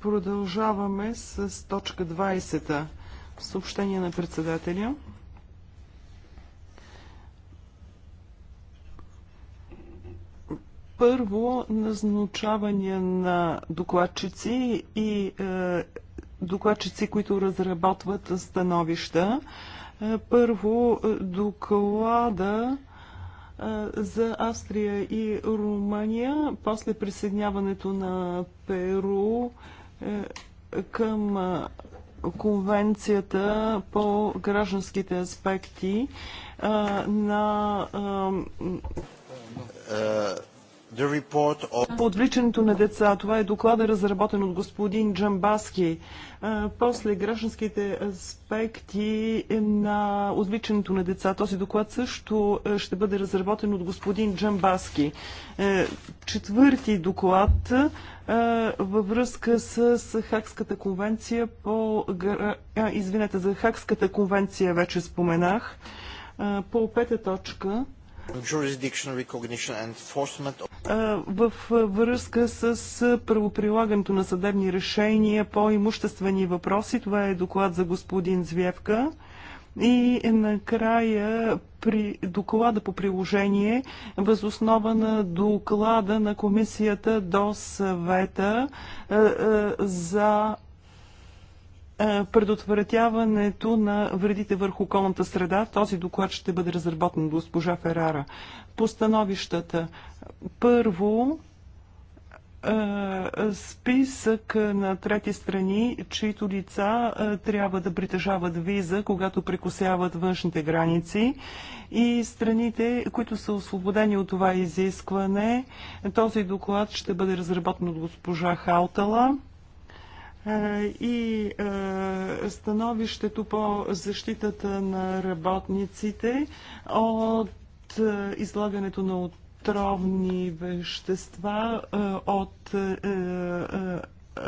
Продължаваме с точка 20. Съобщение на председателя. Първо, назначаване на докладчици и е, докладчици, които разработват становища. Е, първо, е, доклада за Австрия и Румъния после присъединяването на Перу е, към конвенцията по гражданските аспекти на е, по отвличането на деца. Това е доклада, разработен от господин Джамбаски. После гражданските аспекти на отвличането на деца. Този доклад също ще бъде разработен от господин Джамбаски. Четвърти доклад във връзка с Хакската конвенция по... Извинете, за Хакската конвенция вече споменах. По пета точка в връзка с правоприлагането на съдебни решения по имуществени въпроси, това е доклад за господин Звевка. И накрая при доклада по приложение, възоснова на доклада на комисията до съвета за е, предотвратяването на вредите върху околната среда. Този доклад ще бъде разработен от госпожа Ферара. По становищата. Първо, е, списък на трети страни, чието лица е, трябва да притежават виза, когато прекусяват външните граници и страните, които са освободени от това изискване. Този доклад ще бъде разработен от госпожа Халтала и становището по защитата на работниците от излагането на отровни вещества от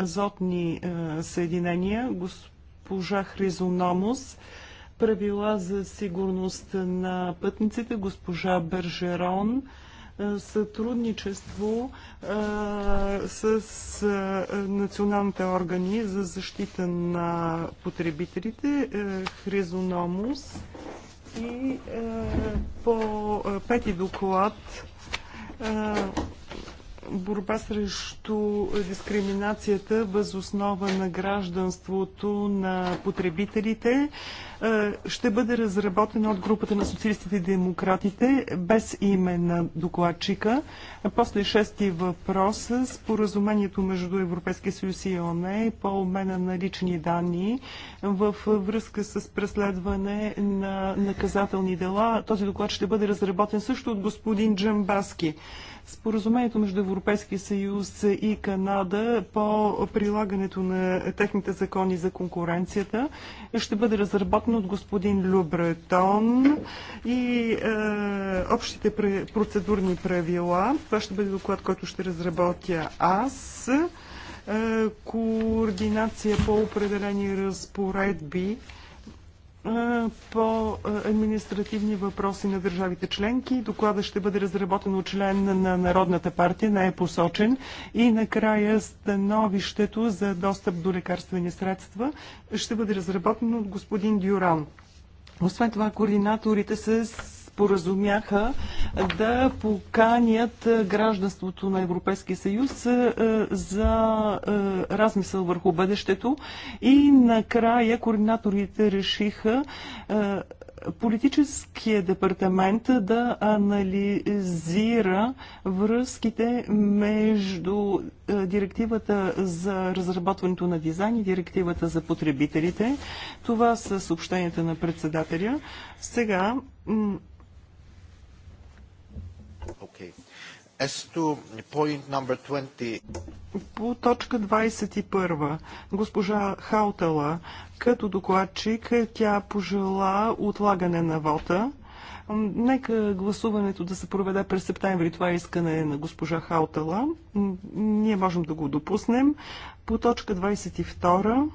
азотни съединения, госпожа Хризономус, правила за сигурност на пътниците, госпожа Бержерон, е, сътрудничество е, с е, националните органи за защита на потребителите Хризономус и по пети доклад борба срещу дискриминацията въз основа на гражданството на потребителите. Е, ще бъде разработена от групата на социалистите и демократите без име на докладчика. После шести въпрос споразумението между Европейския съюз и ОНЕ по обмена на лични данни в връзка с преследване на наказателни дела. Този доклад ще бъде разработен също от господин Джамбаски. Споразумението между Европейския съюз и Канада по прилагането на техните закони за конкуренцията ще бъде разработен животни от господин Любретон и е, общите процедурни правила. Това ще бъде доклад, който ще разработя аз. Е, координация по определени разпоредби по административни въпроси на държавите членки. Доклада ще бъде разработен от член на Народната партия, не е посочен. И накрая становището за достъп до лекарствени средства ще бъде разработено от господин Дюран. Освен това, координаторите с споразумяха да поканят гражданството на Европейския съюз за размисъл върху бъдещето и накрая координаторите решиха политическия департамент да анализира връзките между директивата за разработването на дизайн и директивата за потребителите. Това са съобщенията на председателя. Сега Okay. As to point number 20. По точка 21, госпожа Хаутала, като докладчик, тя пожела отлагане на вота. Нека гласуването да се проведе през септември. Това е искане на госпожа Хаутала. Ние можем да го допуснем. По точка 22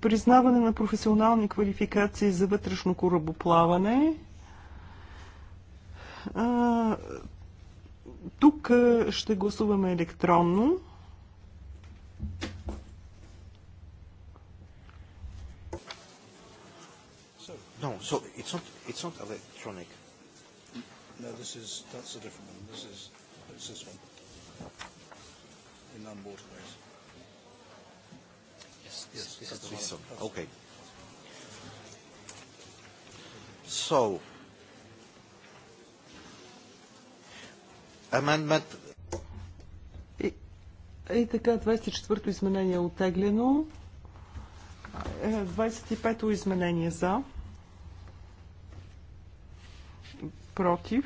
признаване на професионални квалификации за вътрешно корабоплаване – тук ще гласуваме електронно. No, so it's not it's not electronic. No, this is that's a different one. This is it's this one. In non-waterways. Yes, yes, this is this one. Okay. So Amendment. И, и така, 24-то изменение е отеглено. 25-то е, изменение за. Против.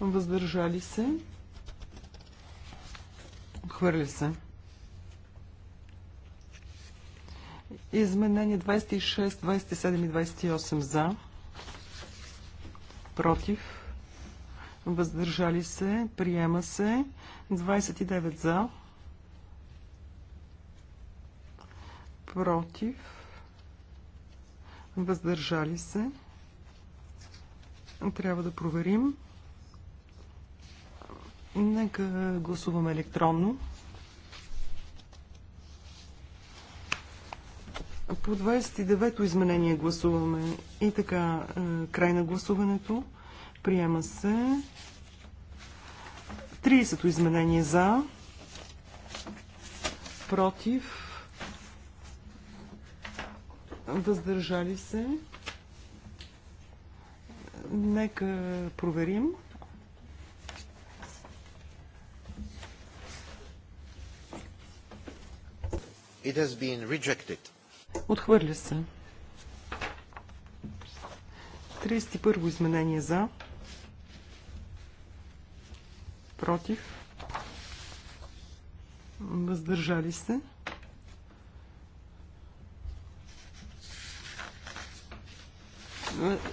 Въздържали се. Отхвърли се. Изменение 26, 27 и 28 за. Против въздържали се, приема се, 29 за, против, въздържали се, трябва да проверим. Нека гласуваме електронно. По 29-то изменение гласуваме и така е, край на гласуването. Приема се. 30-то изменение за. Против. Въздържали се. Нека проверим. It has been rejected. Отхвърля се. 31 изменение за против, въздържали се.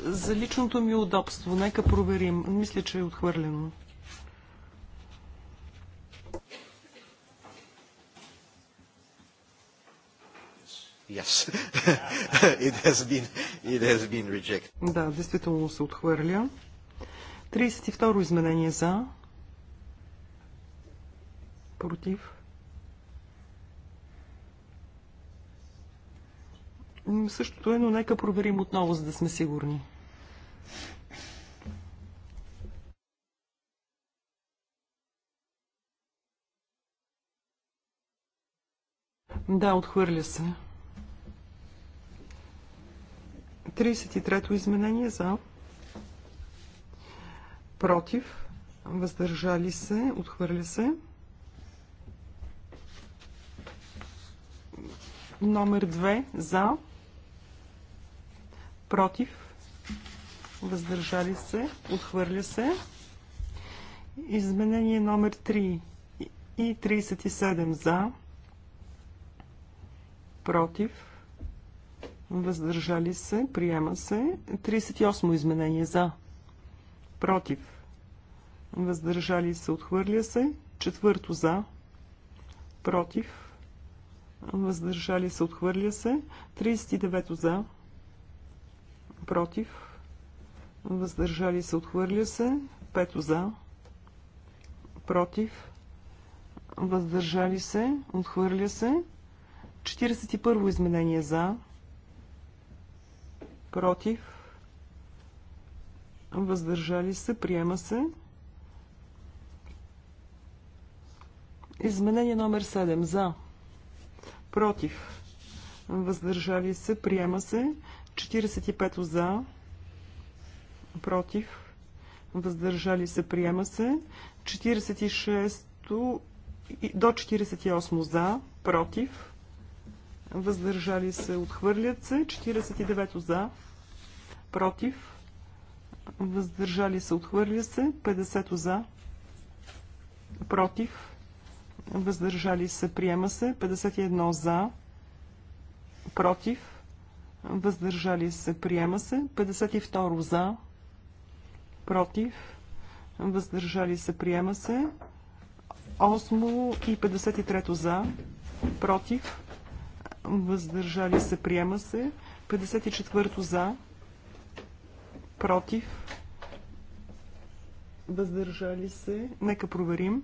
За личното ми удобство, нека проверим. Мисля, че е отхвърлено. Yes. it has been, it has been rejected. Да, действително се отхвърля. 32 изменение за. Против. Същото е, но нека проверим отново, за да сме сигурни. Да, отхвърля се. 33-то изменение за против, въздържали се, отхвърля се. Номер 2 за, против, въздържали се, отхвърля се. Изменение номер 3 и 37 за, против, въздържали се, приема се. 38 изменение за, против, въздържали се, отхвърля се. Четвърто за, против, въздържали се, отхвърля се. 39 за, против, въздържали се, отхвърля се. 5 за, против, въздържали се, отхвърля се. 41 изменение за, против, въздържали се, приема се. Изменение номер 7 за, против, въздържали се, приема се. 45 за, против, въздържали се, приема се. 46 до 48 за, против, въздържали се, отхвърлят се. 49 за, против, въздържали се, отхвърля се. 50 за, против, въздържали се, приема се. 51 за, против, въздържали се, приема се. 52 за, против, въздържали се, приема се. 8 и 53 за, против, въздържали се, приема се. 54 за, против, въздържали се. Нека проверим.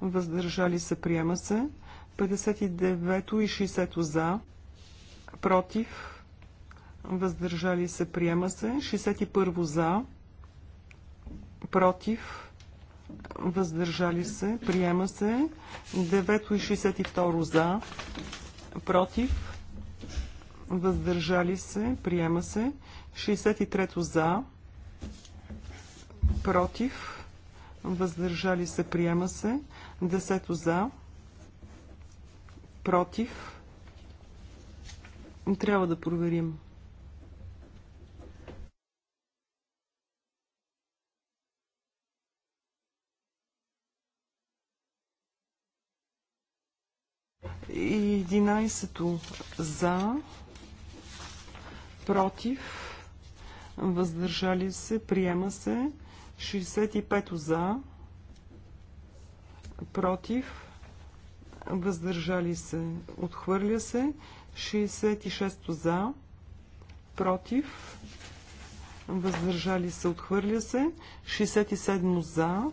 въздържали се, приема се. 59 и 60 за, против, въздържали се, приема се. 61 за, против, въздържали се, приема се. 9 и 62 за, против, въздържали се, приема се. 63 за, против, въздържали се, приема се. Десето за. Против. Трябва да проверим. И единайсето за, против, въздържали се, приема се, 65 за, против, въздържали се, отхвърля се, 66 за, против, въздържали се, отхвърля се, 67 за,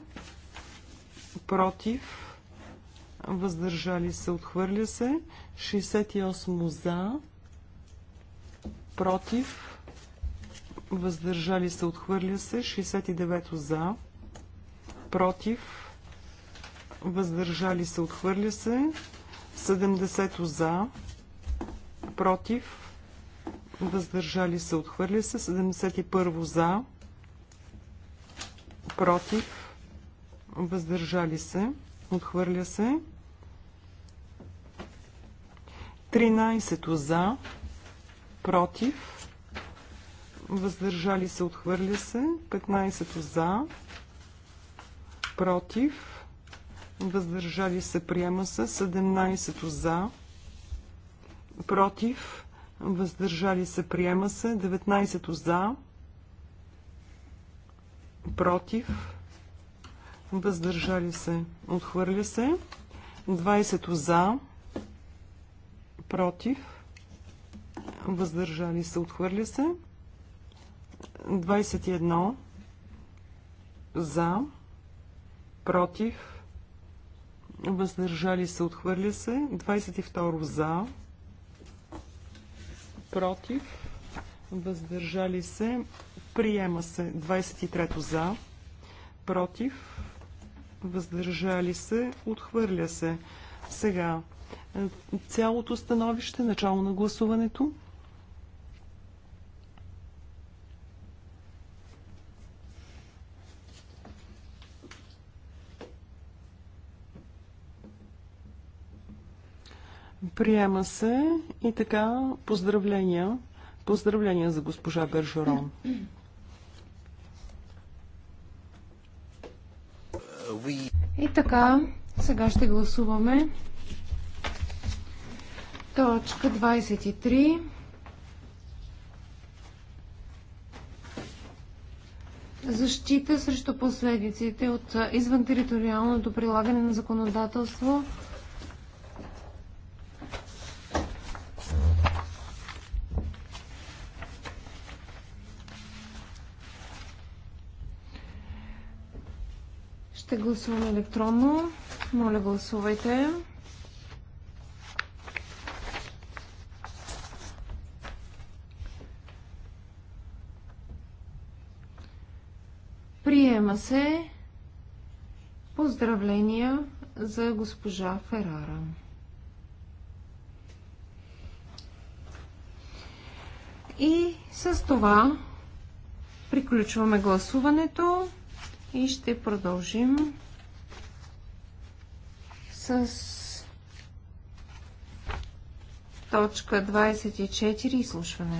против, въздържали се, отхвърля се, 68 за, против, въздържали се, отхвърля се, 69 за, против, въздържали се, отхвърля се. 70 за, против, въздържали се, отхвърля се. 71 за, против, въздържали се, отхвърля се. 13 за, против, въздържали се, отхвърля се. 15 за, против, въздържали се, приема се. 17 за, против, въздържали се, приема се. 19 за, против, въздържали се, отхвърля се. 20 за, против, въздържали се, отхвърля се. 21 за, против, въздържали се, отхвърля се. 22 за, против, въздържали се, приема се. 23 за, против, въздържали се, отхвърля се. Сега, е, цялото становище, начало на гласуването. Приема се и така поздравления. Поздравления за госпожа Бержерон. И така, сега ще гласуваме точка 23. Защита срещу последиците от извънтериториалното прилагане на законодателство Ще гласуваме електронно. Моля, гласувайте. Приема се поздравления за госпожа Ферара. И с това приключваме гласуването и ще продължим с точка 24 изслушване.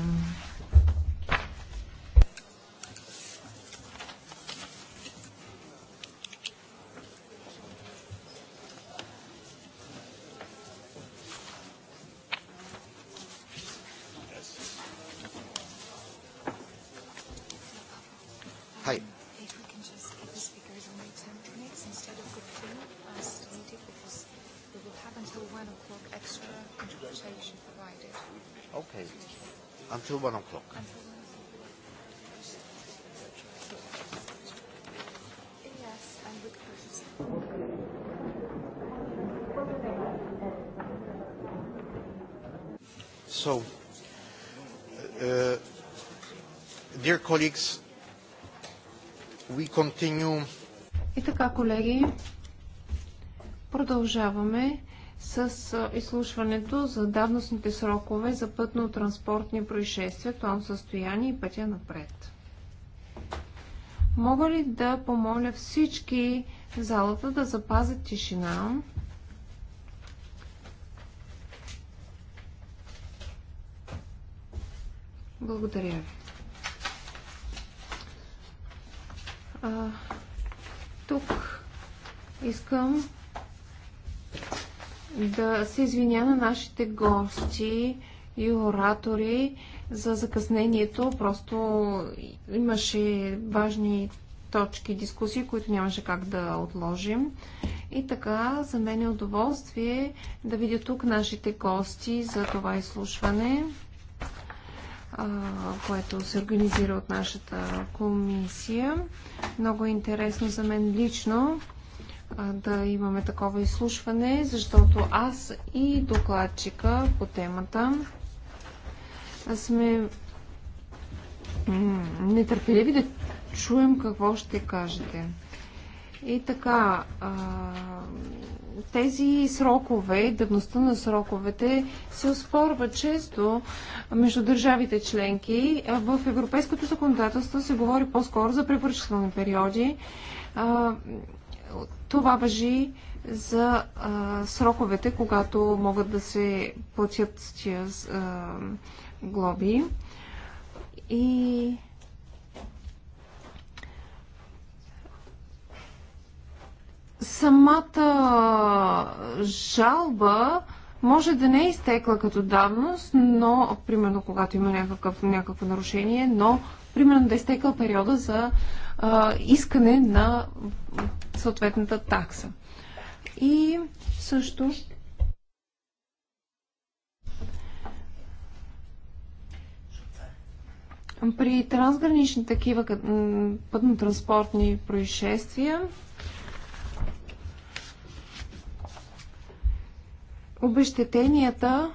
colleagues, we continue. И така, колеги, продължаваме с изслушването за давностните срокове за пътно-транспортни происшествия, тон състояние и пътя напред. Мога ли да помоля всички в залата да запазят тишина? Благодаря ви. А, тук искам да се извиня на нашите гости и оратори за закъснението. Просто имаше важни точки, дискусии, които нямаше как да отложим. И така, за мен е удоволствие да видя тук нашите гости за това изслушване което се организира от нашата комисия. Много е интересно за мен лично да имаме такова изслушване, защото аз и докладчика по темата сме нетърпеливи да чуем какво ще кажете. И така, тези срокове давността на сроковете се оспорва често между държавите членки. В европейското законодателство се говори по-скоро за препоръчителни периоди. Това въжи за сроковете, когато могат да се платят тия глоби. И самата жалба може да не е изтекла като давност, но, примерно, когато има някакъв, някакво нарушение, но, примерно, да е изтекла периода за а, искане на съответната такса. И също при трансгранични такива пътно-транспортни происшествия обещетенията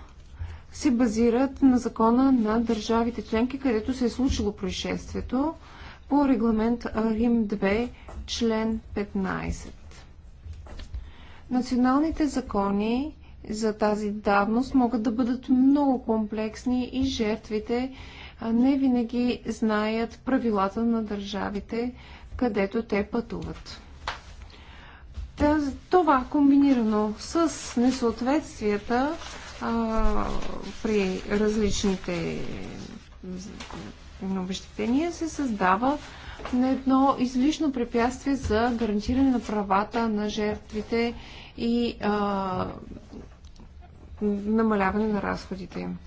се базират на закона на държавите членки, където се е случило происшествието по регламент Рим 2, член 15. Националните закони за тази давност могат да бъдат много комплексни и жертвите не винаги знаят правилата на държавите, където те пътуват. Е, това комбинирано с несъответствията а, при различните обещетения се създава на едно излишно препятствие за гарантиране на правата на жертвите и а, намаляване на разходите им.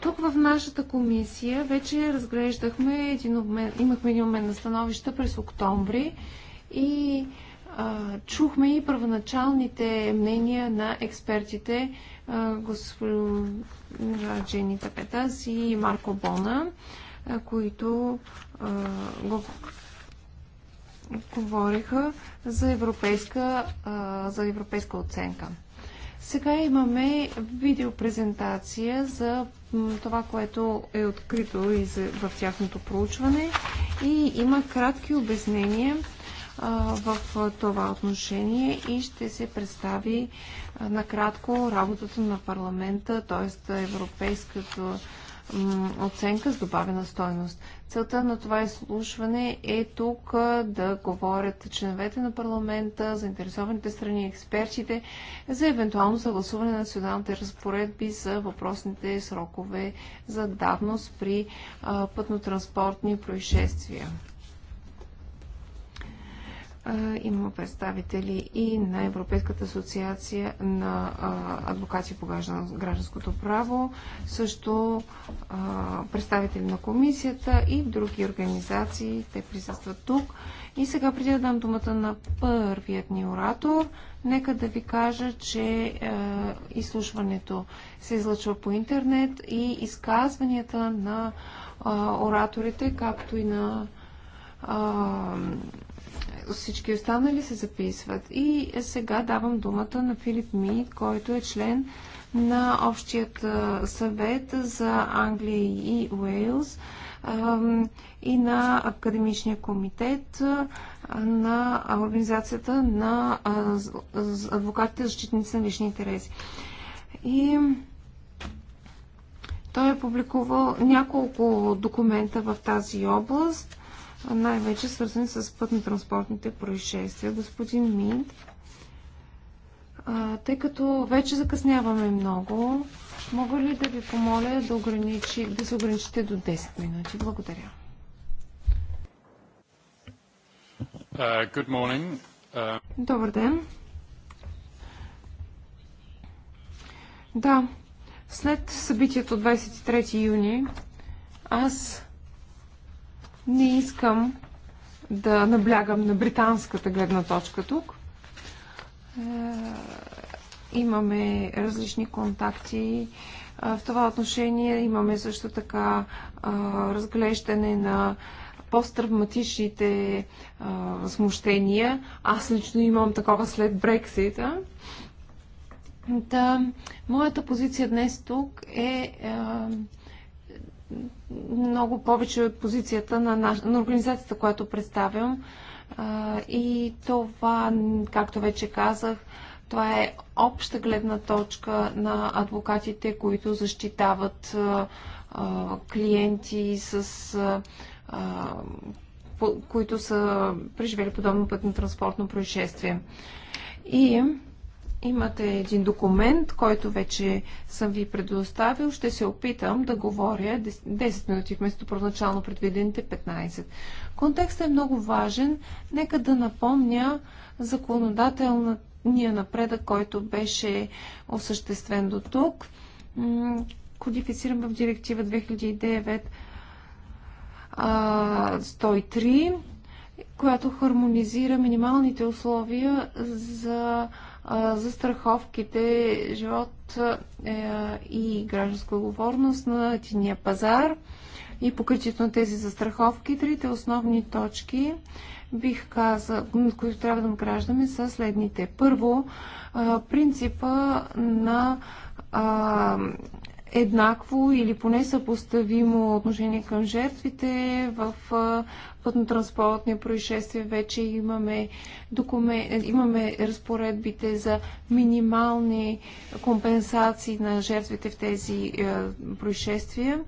Тук в нашата комисия вече разглеждахме един обмен, имахме един обмен на становища през октомври и чухме и първоначалните мнения на експертите госпожа Джени Тапетас и Марко Бона, които а, го говориха за европейска, а, за европейска оценка. Сега имаме видеопрезентация за това, което е открито и за, в тяхното проучване и има кратки обяснения в това отношение и ще се представи накратко работата на парламента, т.е. европейската оценка с добавена стойност. Целта на това изслушване е тук да говорят членовете на парламента, заинтересованите страни, експертите за евентуално съгласуване на националните разпоредби за въпросните срокове за давност при пътнотранспортни происшествия. Имаме представители и на Европейската асоциация на адвокати по гражданското право, също представители на комисията и други организации. Те присъстват тук. И сега, преди да дам думата на първият ни оратор, нека да ви кажа, че изслушването се излъчва по интернет и изказванията на ораторите, както и на всички останали се записват. И сега давам думата на Филип Ми, който е член на Общият съвет за Англия и Уейлс и на Академичния комитет на Организацията на адвокатите за защитници на лични интереси. И той е публикувал няколко документа в тази област най-вече свързани с пътно-транспортните происшествия. Господин Минт, тъй като вече закъсняваме много, мога ли да ви помоля да, ограничи, да се ограничите до 10 минути? Благодаря. Uh, good morning. Uh... Добър ден. Да, след събитието 23 юни аз не искам да наблягам на британската гледна точка тук. Е, имаме различни контакти. Е, в това отношение имаме също така е, разглеждане на посттравматичните смущения. Аз лично имам такова след Брексита. Да, моята позиция днес тук е много повече от позицията на, наш... на организацията, която представям. И това, както вече казах, това е обща гледна точка на адвокатите, които защитават клиенти с които са преживели подобно път на транспортно происшествие. И Имате един документ, който вече съм ви предоставил. Ще се опитам да говоря 10 минути вместо първоначално предвидените 15. Контекстът е много важен. Нека да напомня законодателния напредък, който беше осъществен до тук. Кодифициран в директива 2009 103, която хармонизира минималните условия за за страховките живот е, и гражданска отговорност на тиния пазар и покритието на тези застраховки. Трите основни точки, бих казал, които трябва да награждаме, са следните. Първо, принципа на еднакво или поне съпоставимо отношение към жертвите в пътно-транспортни происшествия вече имаме, документ, имаме разпоредбите за минимални компенсации на жертвите в тези е, происшествия.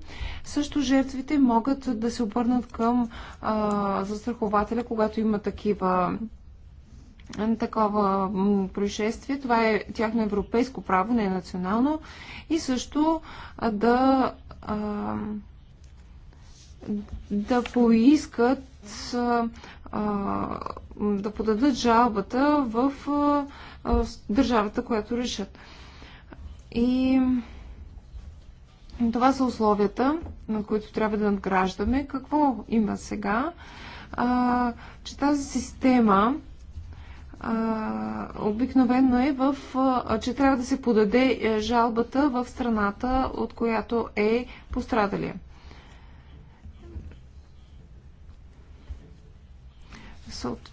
Също жертвите могат да се обърнат към е, застрахователя, когато има такива такова происшествие. Това е тяхно европейско право, не е национално. И също да а, да поискат да подадат жалбата в държавата, която решат. И това са условията, на които трябва да надграждаме. Какво има сега? че тази система обикновено е в, че трябва да се подаде е, жалбата в страната, от която е пострадалия. съд.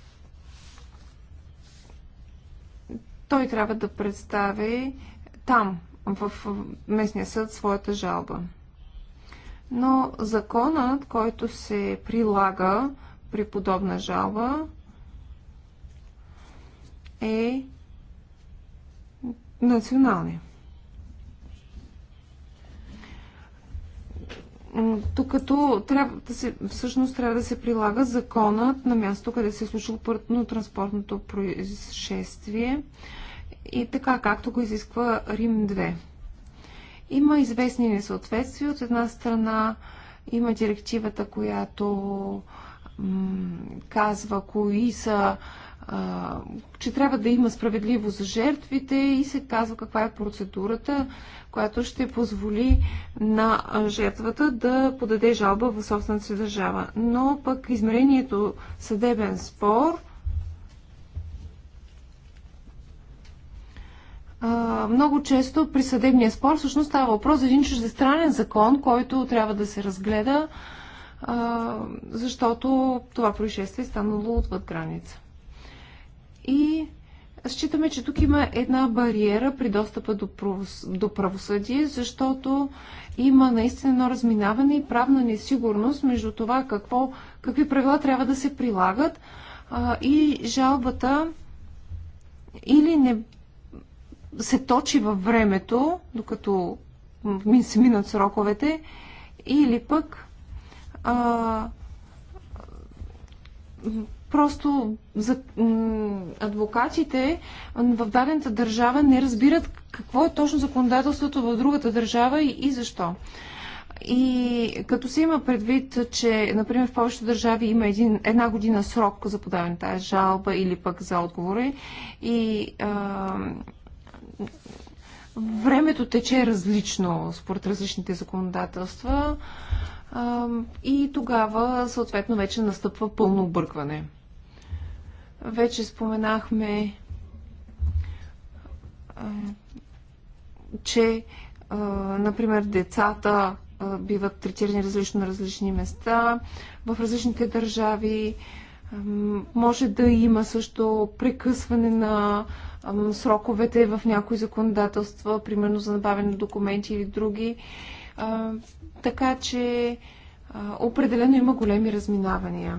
Той трябва да представи там, в местния съд, своята жалба. Но законът, който се прилага при подобна жалба, е националния. тук като трябва да се, всъщност трябва да се прилага законът на място, къде се е случило пъртно транспортното происшествие и така както го изисква Рим 2. Има известни несъответствия. От една страна има директивата, която казва кои са а, че трябва да има справедливо за жертвите и се казва каква е процедурата, която ще позволи на жертвата да подаде жалба в собствената си държава. Но пък измерението съдебен спор много често при съдебния спор всъщност става въпрос за един чуждестранен закон, който трябва да се разгледа, защото това происшествие е станало отвъд граница. И считаме, че тук има една бариера при достъпа до правосъдие, защото има наистина едно разминаване и правна несигурност между това какво, какви правила трябва да се прилагат а, и жалбата или не се точи във времето, докато ми се минат сроковете, или пък а, Просто за, адвокатите в дадената държава не разбират какво е точно законодателството в другата държава и, и защо. И като се има предвид, че, например, в повечето държави има един, една година срок за подаване тази жалба или пък за отговори и а, времето тече различно според различните законодателства а, и тогава, съответно, вече настъпва пълно объркване. Вече споменахме, че, например, децата биват третирани различно на различни места, в различните държави. Може да има също прекъсване на сроковете в някои законодателства, примерно за набавяне на документи или други. Така че определено има големи разминавания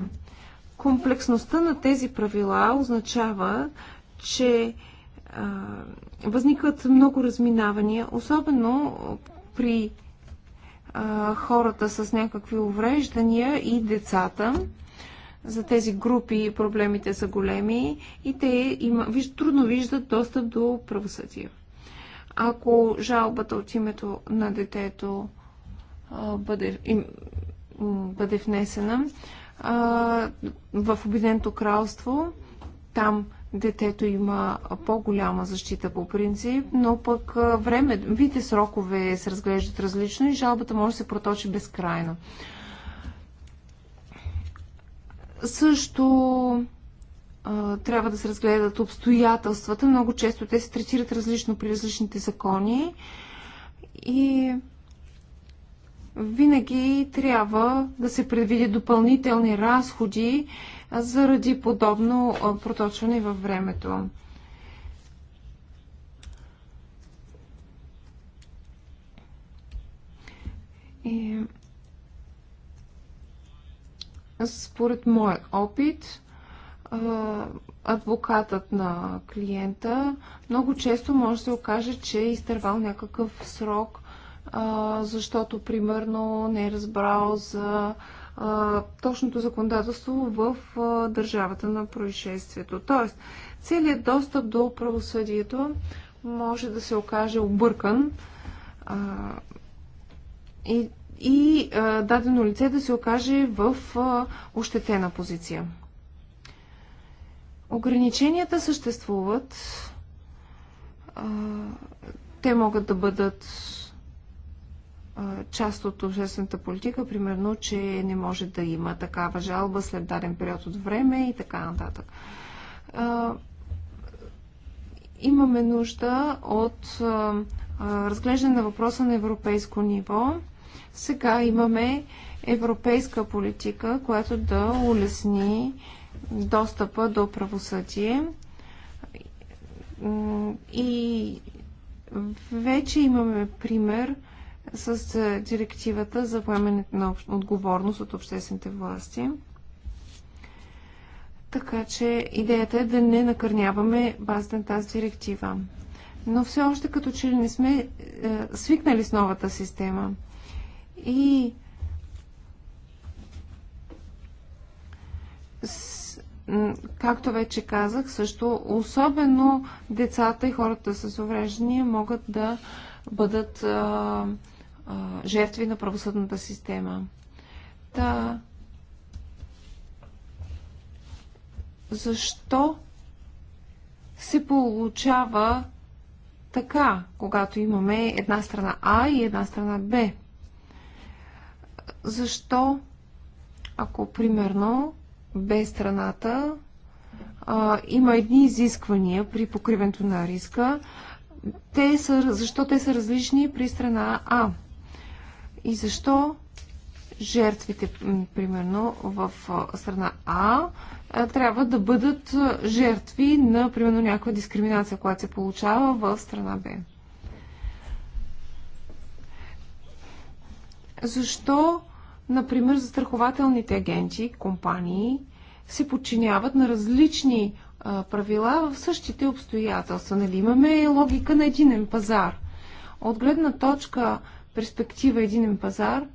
комплексността на тези правила означава, че а, възникват много разминавания, особено при а, хората с някакви увреждания и децата. За тези групи проблемите са големи и те има, виж, трудно виждат достъп до правосъдие. Ако жалбата от името на детето а, бъде, им, бъде внесена, в Обединеното кралство. Там детето има по-голяма защита по принцип, но пък време, вите срокове се разглеждат различно и жалбата може да се проточи безкрайно. Също а, трябва да се разгледат обстоятелствата. Много често те се третират различно при различните закони и винаги трябва да се предвиди допълнителни разходи заради подобно проточване във времето. И... Според мой опит, адвокатът на клиента много често може да се окаже, че е изтървал някакъв срок а, защото примерно не е разбрал за а, точното законодателство в а, държавата на происшествието. Тоест, целият достъп до правосъдието може да се окаже объркан а, и, и а, дадено лице да се окаже в а, ощетена позиция. Ограниченията съществуват. А, те могат да бъдат част от обществената политика, примерно, че не може да има такава жалба след даден период от време и така нататък. Имаме нужда от разглеждане на въпроса на европейско ниво. Сега имаме европейска политика, която да улесни достъпа до правосъдие и вече имаме пример с е, директивата за поемането на отговорност от обществените власти. Така че идеята е да не накърняваме базата на тази директива. Но все още като че не сме е, свикнали с новата система. И с, както вече казах, също особено децата и хората с увреждания могат да бъдат е, жертви на правосъдната система. Та, защо се получава така, когато имаме една страна А и една страна Б? Защо, ако примерно Б страната а, има едни изисквания при покриването на риска, те са, защо те са различни при страна А? И защо жертвите, примерно, в страна А, трябва да бъдат жертви на, примерно, някаква дискриминация, която се получава в страна Б. Защо, например, застрахователните агенти, компании, се подчиняват на различни правила в същите обстоятелства? Нали имаме логика на единен пазар? От гледна точка перспектива единен пазар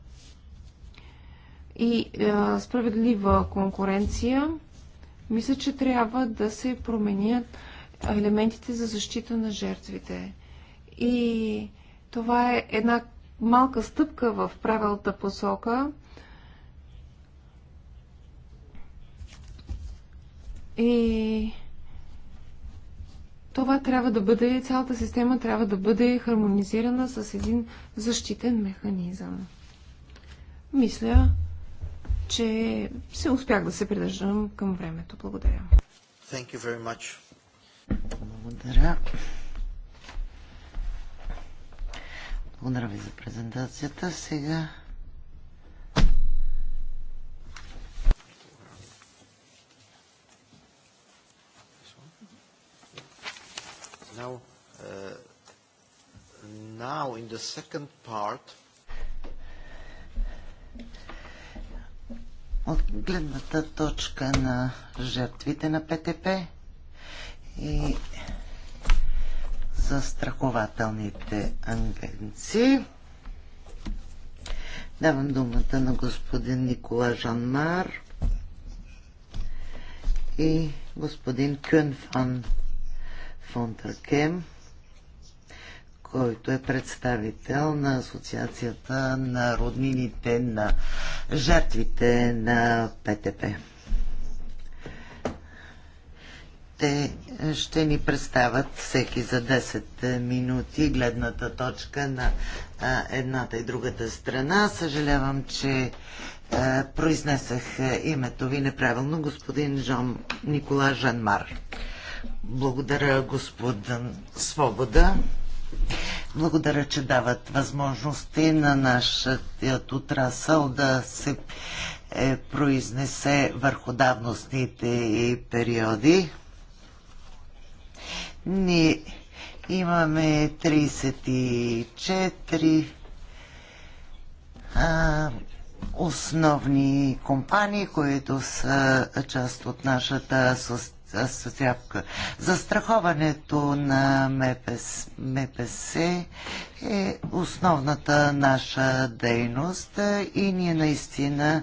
и а, справедлива конкуренция, мисля, че трябва да се променят елементите за защита на жертвите. И това е една малка стъпка в правилната посока. И това трябва да бъде, цялата система трябва да бъде хармонизирана с един защитен механизъм. Мисля, че се успях да се придържам към времето. Благодаря. Thank you very much. Благодаря. Благодаря ви за презентацията. Сега Uh, now in the second part от гледната точка на жертвите на ПТП и застрахователните агенции. Давам думата на господин Никола Жанмар и господин Кюнфан фан Фонтеркем който е представител на Асоциацията на роднините на жертвите на ПТП. Те ще ни представят всеки за 10 минути гледната точка на едната и другата страна. Съжалявам, че произнесах името ви неправилно, господин Жан Никола Жанмар. Благодаря, господин Свобода. Благодаря, че дават възможности на нашия отрасъл да се е, произнесе върху давностните и периоди. Ние имаме 34 а, основни компании, които са част от нашата асоциация стряпка. Застраховането на МПС, МПС е основната наша дейност и ние наистина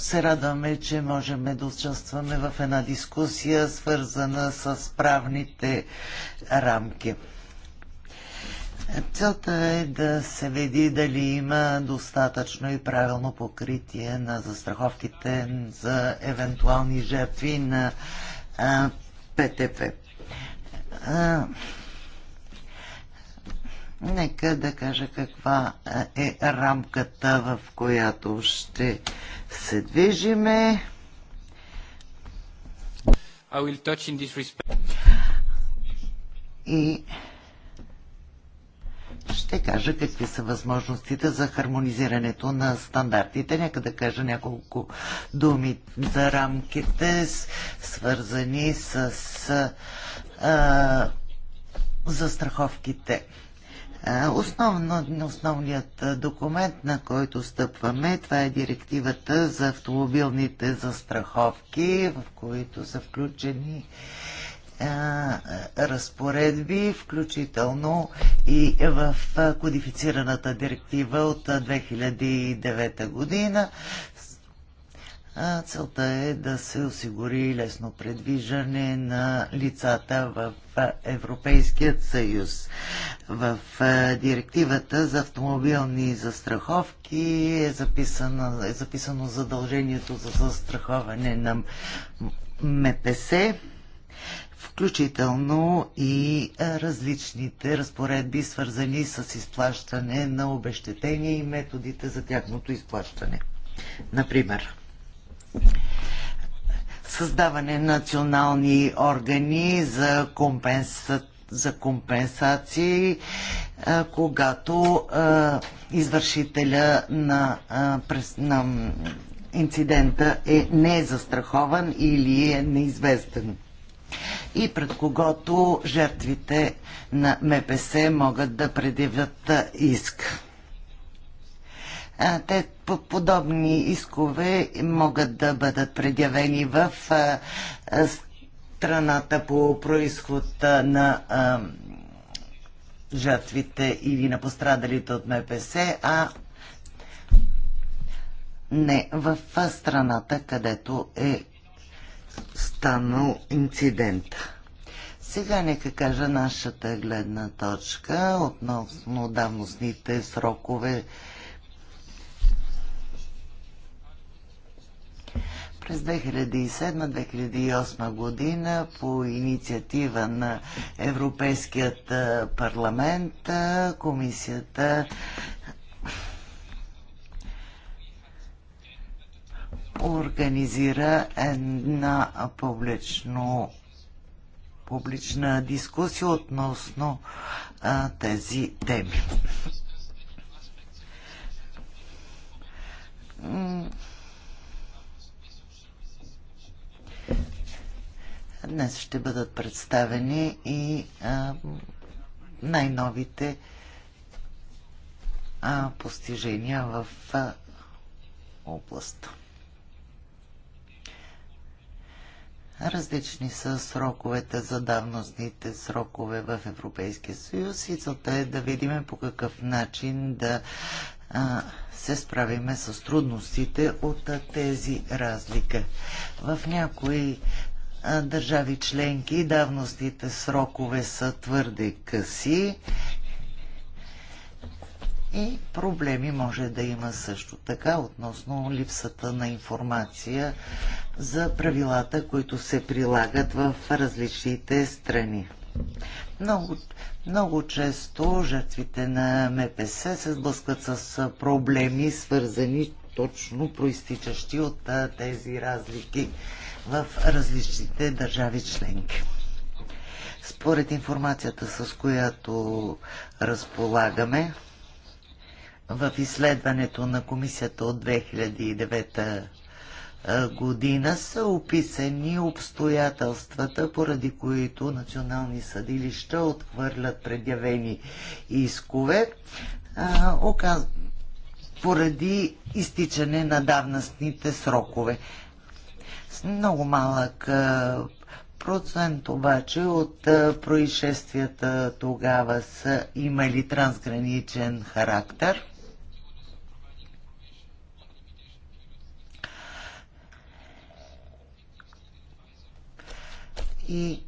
се радваме, че можем да участваме в една дискусия, свързана с правните рамки. Целта е да се види дали има достатъчно и правилно покритие на застраховките за евентуални жертви на а, ПТП. А, нека да кажа каква е рамката, в която ще се движиме. I will touch in this respect. И ще кажа какви са възможностите за хармонизирането на стандартите. Нека да кажа няколко думи за рамките, свързани с а, застраховките. Основно, основният документ, на който стъпваме, това е директивата за автомобилните застраховки, в които са включени разпоредби, включително и в кодифицираната директива от 2009 година. Целта е да се осигури лесно предвиждане на лицата в Европейският съюз. В директивата за автомобилни застраховки е записано, е записано задължението за застраховане на МПС включително и различните разпоредби, свързани с изплащане на обещетения и методите за тяхното изплащане. Например, създаване на национални органи за компенсация за компенсации, когато извършителя на, на инцидента е, не е застрахован или е неизвестен и пред когото жертвите на МПС могат да предявят иск. Те подобни искове могат да бъдат предявени в страната по происход на жертвите или на пострадалите от МПС, а не в страната, където е станал инцидента. Сега нека кажа нашата гледна точка относно давностните срокове. През 2007-2008 година по инициатива на Европейският парламент комисията организира една публично, публична дискусия относно а, тези теми. Днес ще бъдат представени и най-новите постижения в областта. Различни са сроковете за давностните срокове в Европейския съюз и целта е да видим по какъв начин да а, се справиме с трудностите от а, тези разлика. В някои държави членки давностните срокове са твърде къси и проблеми може да има също така относно липсата на информация за правилата, които се прилагат в различните страни. Много, много често жертвите на МПС се сблъскват с проблеми, свързани точно проистичащи от тези разлики в различните държави членки. Според информацията, с която разполагаме, в изследването на комисията от 2009 година са описани обстоятелствата, поради които национални съдилища отхвърлят предявени искове поради изтичане на давностните срокове. С много малък процент обаче от происшествията тогава са имали трансграничен характер – и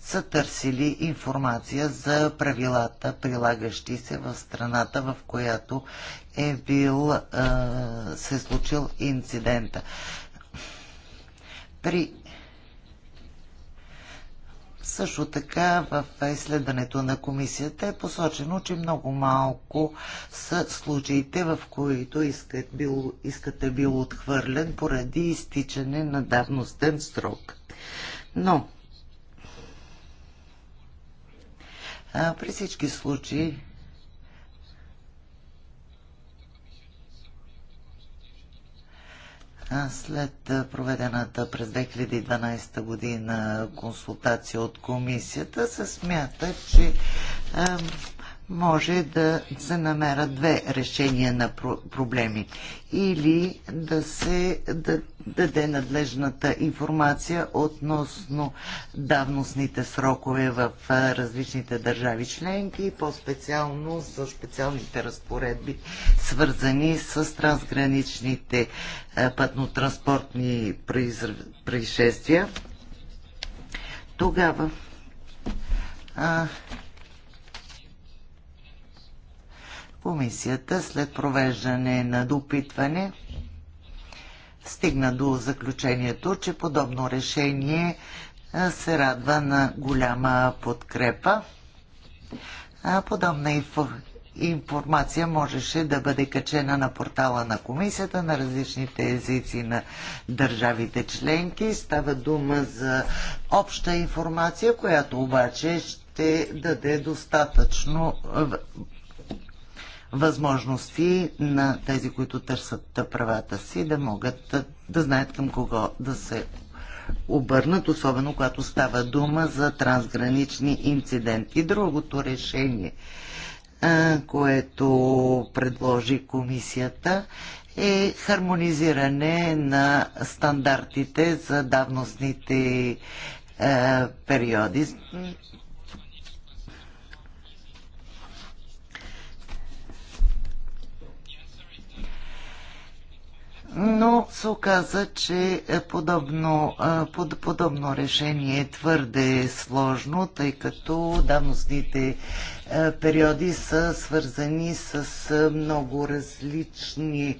са търсили информация за правилата, прилагащи се в страната, в която е бил, е, се случил инцидента. При също така в изследването на комисията е посочено, че много малко са случаите, в които искат бил, искът е бил отхвърлен поради изтичане на давностен срок. Но А, при всички случаи след проведената през 2012 година консултация от комисията се смята, че може да се намерят две решения на проблеми. Или да се даде надлежната информация относно давностните срокове в различните държави членки и по-специално за специалните разпоредби, свързани с трансграничните пътно-транспортни происшествия. Тогава а, Комисията след провеждане на допитване стигна до заключението, че подобно решение се радва на голяма подкрепа. А подобна информация можеше да бъде качена на портала на комисията на различните езици на държавите членки. Става дума за обща информация, която обаче ще даде достатъчно възможности на тези, които търсят правата си, да могат да, да знаят към кого да се обърнат, особено когато става дума за трансгранични инциденти. Другото решение, което предложи комисията, е хармонизиране на стандартите за давностните е, периоди. но се оказа, че е, подобно, е, под, подобно решение е твърде сложно, тъй като давностните е, периоди са свързани с много различни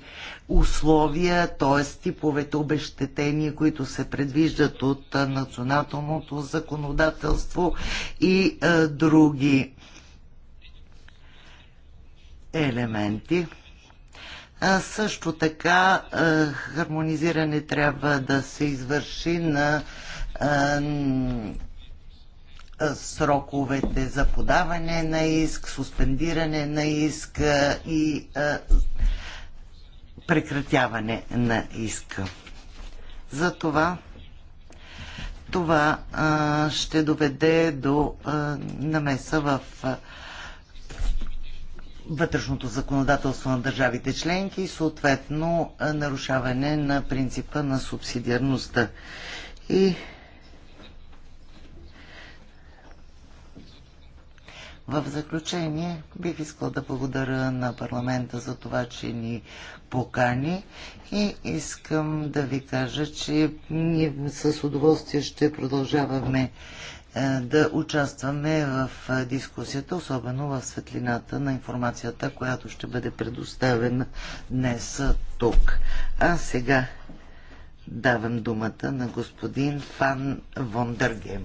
условия, т.е. типовете обещетения, които се предвиждат от националното законодателство и други елементи. Също така хармонизиране трябва да се извърши на сроковете за подаване на иск, суспендиране на иск и прекратяване на иска. Затова това ще доведе до намеса в вътрешното законодателство на държавите членки и съответно нарушаване на принципа на субсидиарността. И В заключение бих искала да благодаря на парламента за това, че ни покани и искам да ви кажа, че ние с удоволствие ще продължаваме е, да участваме в е, дискусията, особено в светлината на информацията, която ще бъде предоставена днес тук. А сега давам думата на господин Фан Вондергем.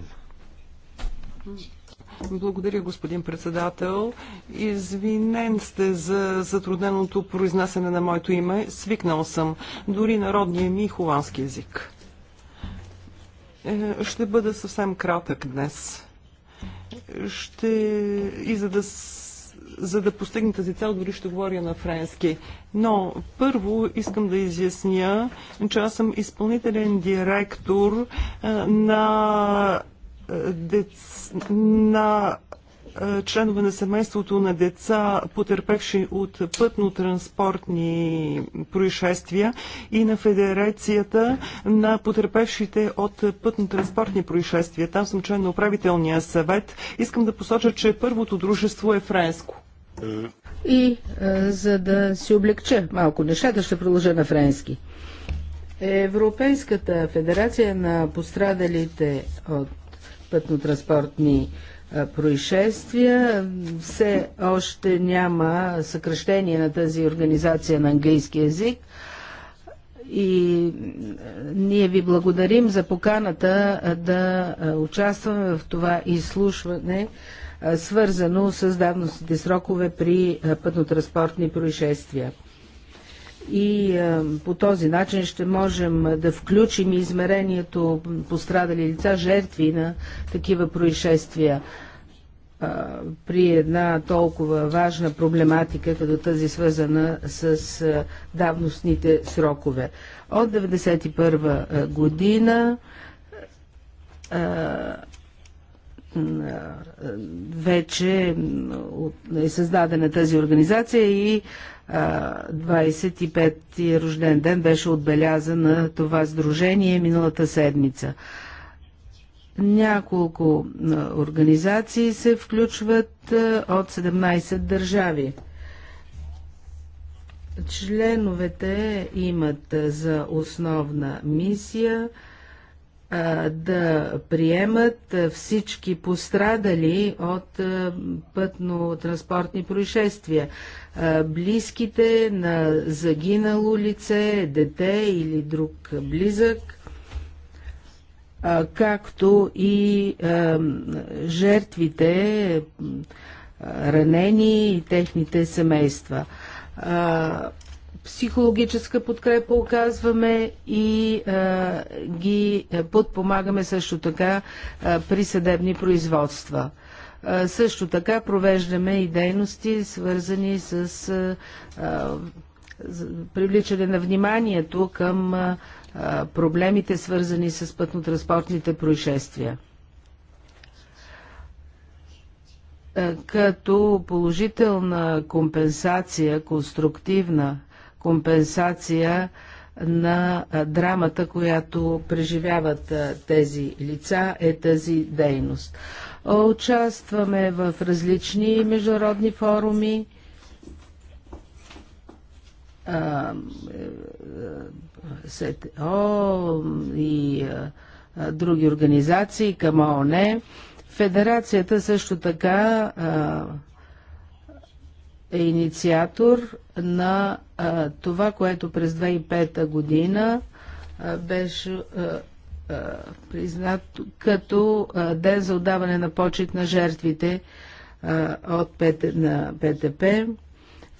Благодаря, господин председател. Извинен сте за затрудненото произнасяне на моето име. Свикнал съм. Дори народния ми холандски язик. Е, ще бъда съвсем кратък днес. Ще... И за да за да постигна тази цел, дори ще говоря на френски. Но първо искам да изясня, че аз съм изпълнителен директор е, на, е, дец... на е, членове на семейството на деца, потерпевши от пътно-транспортни происшествия и на Федерацията на потерпевшите от пътно-транспортни происшествия. Там съм член на управителния съвет. Искам да посоча, че първото дружество е френско. И а, е, за да си облегча малко нещата, ще продължа на френски. Европейската федерация на пострадалите от пътно-транспортни происшествия. Все още няма съкръщение на тази организация на английски язик. И ние ви благодарим за поканата да участваме в това изслушване, свързано с давностите срокове при пътнотранспортни происшествия и по този начин ще можем да включим измерението пострадали лица, жертви на такива происшествия при една толкова важна проблематика, като тази свързана с давностните срокове. От 1991 година вече е създадена тази организация и 25-ти рожден ден беше отбелязан на това сдружение миналата седмица. Няколко организации се включват от 17 държави. Членовете имат за основна мисия да приемат всички пострадали от пътно-транспортни происшествия. Близките на загинало лице, дете или друг близък, както и жертвите, ранени и техните семейства. Психологическа подкрепа оказваме и ги подпомагаме също така при съдебни производства. Също така провеждаме и дейности, свързани с привличане на вниманието към проблемите, свързани с пътно-транспортните происшествия. Като положителна компенсация, конструктивна компенсация на драмата, която преживяват тези лица, е тази дейност. Участваме в различни международни форуми, СТО и други организации към ООН. Федерацията също така е инициатор на това, което през 2005 година беше признат като ден за отдаване на почет на жертвите от на ПТП.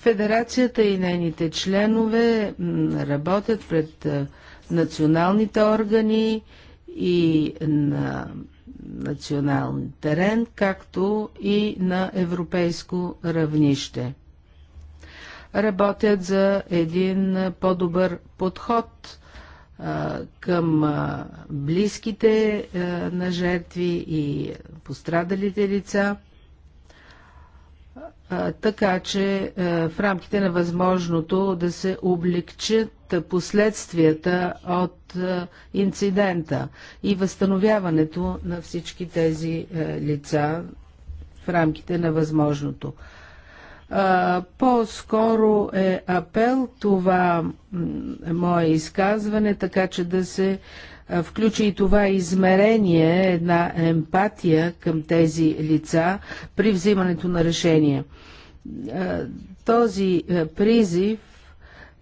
Федерацията и нейните членове работят пред националните органи и на национален терен, както и на европейско равнище. Работят за един по-добър подход към близките на жертви и пострадалите лица – така че в рамките на възможното да се облегчат последствията от инцидента и възстановяването на всички тези лица в рамките на възможното. По-скоро е апел, това е мое изказване, така че да се включи и това измерение, една емпатия към тези лица при взимането на решение. Този призив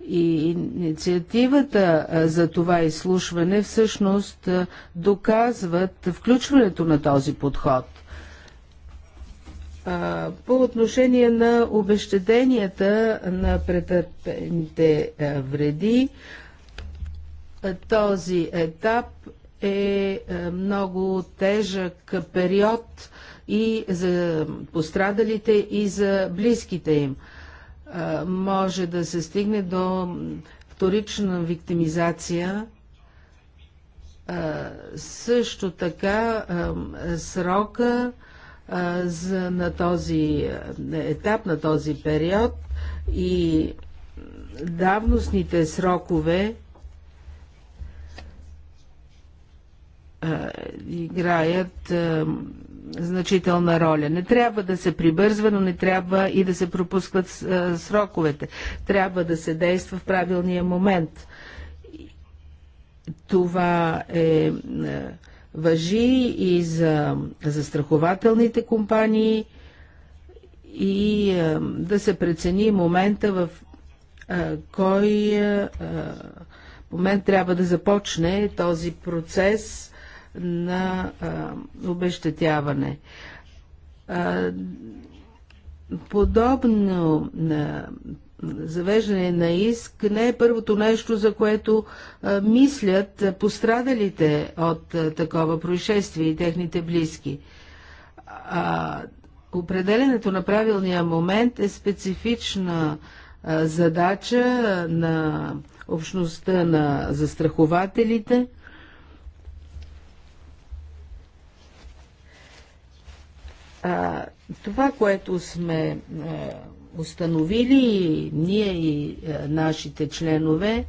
и инициативата за това изслушване всъщност доказват включването на този подход – по отношение на обещеденията на претърпените вреди, този етап е много тежък период и за пострадалите, и за близките им. Може да се стигне до вторична виктимизация. Също така срока за, на този етап, на този период и давностните срокове а, играят а, значителна роля. Не трябва да се прибързва, но не трябва и да се пропускат а, сроковете. Трябва да се действа в правилния момент. Това е а, въжи и за застрахователните компании и а, е, да се прецени момента в а, е, кой а, е, момент трябва да започне този процес на обещетяване. Подобно на завеждане на иск не е първото нещо, за което а, мислят пострадалите от а, такова происшествие и техните близки. А, определенето на правилния момент е специфична а, задача на общността на застрахователите. А, това, което сме а, установили ние и е, нашите членове,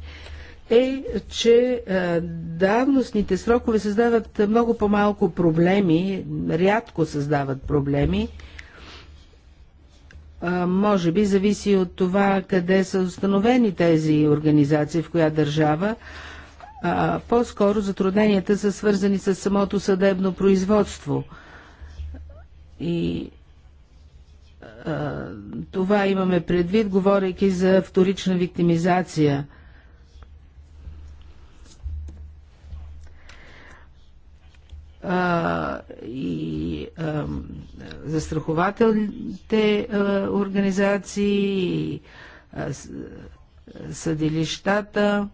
е, че е, давностните срокове създават много по-малко проблеми, рядко създават проблеми. Може би зависи от това къде са установени тези организации, в коя държава. По-скоро затрудненията са свързани с самото съдебно производство. И това имаме предвид, говорейки за вторична виктимизация. а, и а, застрахователните а, организации, и, а, съдилищата. А,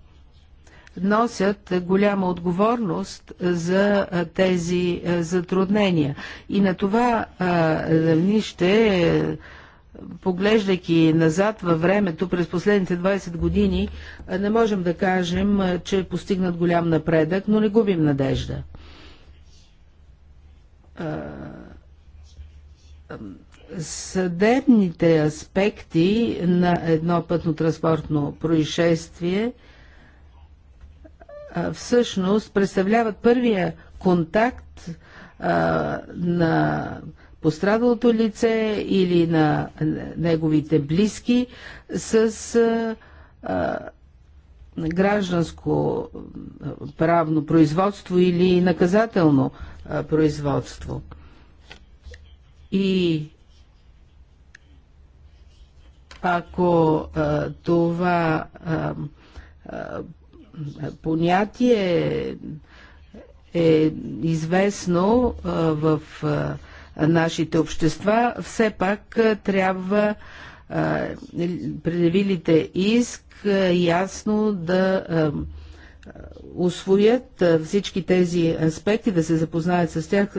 носят голяма отговорност за тези затруднения. И на това равнище, поглеждайки назад във времето през последните 20 години, не можем да кажем, че е постигнат голям напредък, но не губим надежда съдебните аспекти на едно пътно-транспортно происшествие – всъщност представляват първия контакт на пострадалото лице или на неговите близки с гражданско правно производство или наказателно производство. И ако а, това а, понятие е известно в нашите общества, все пак трябва предявилите иск ясно да освоят всички тези аспекти, да се запознаят с тях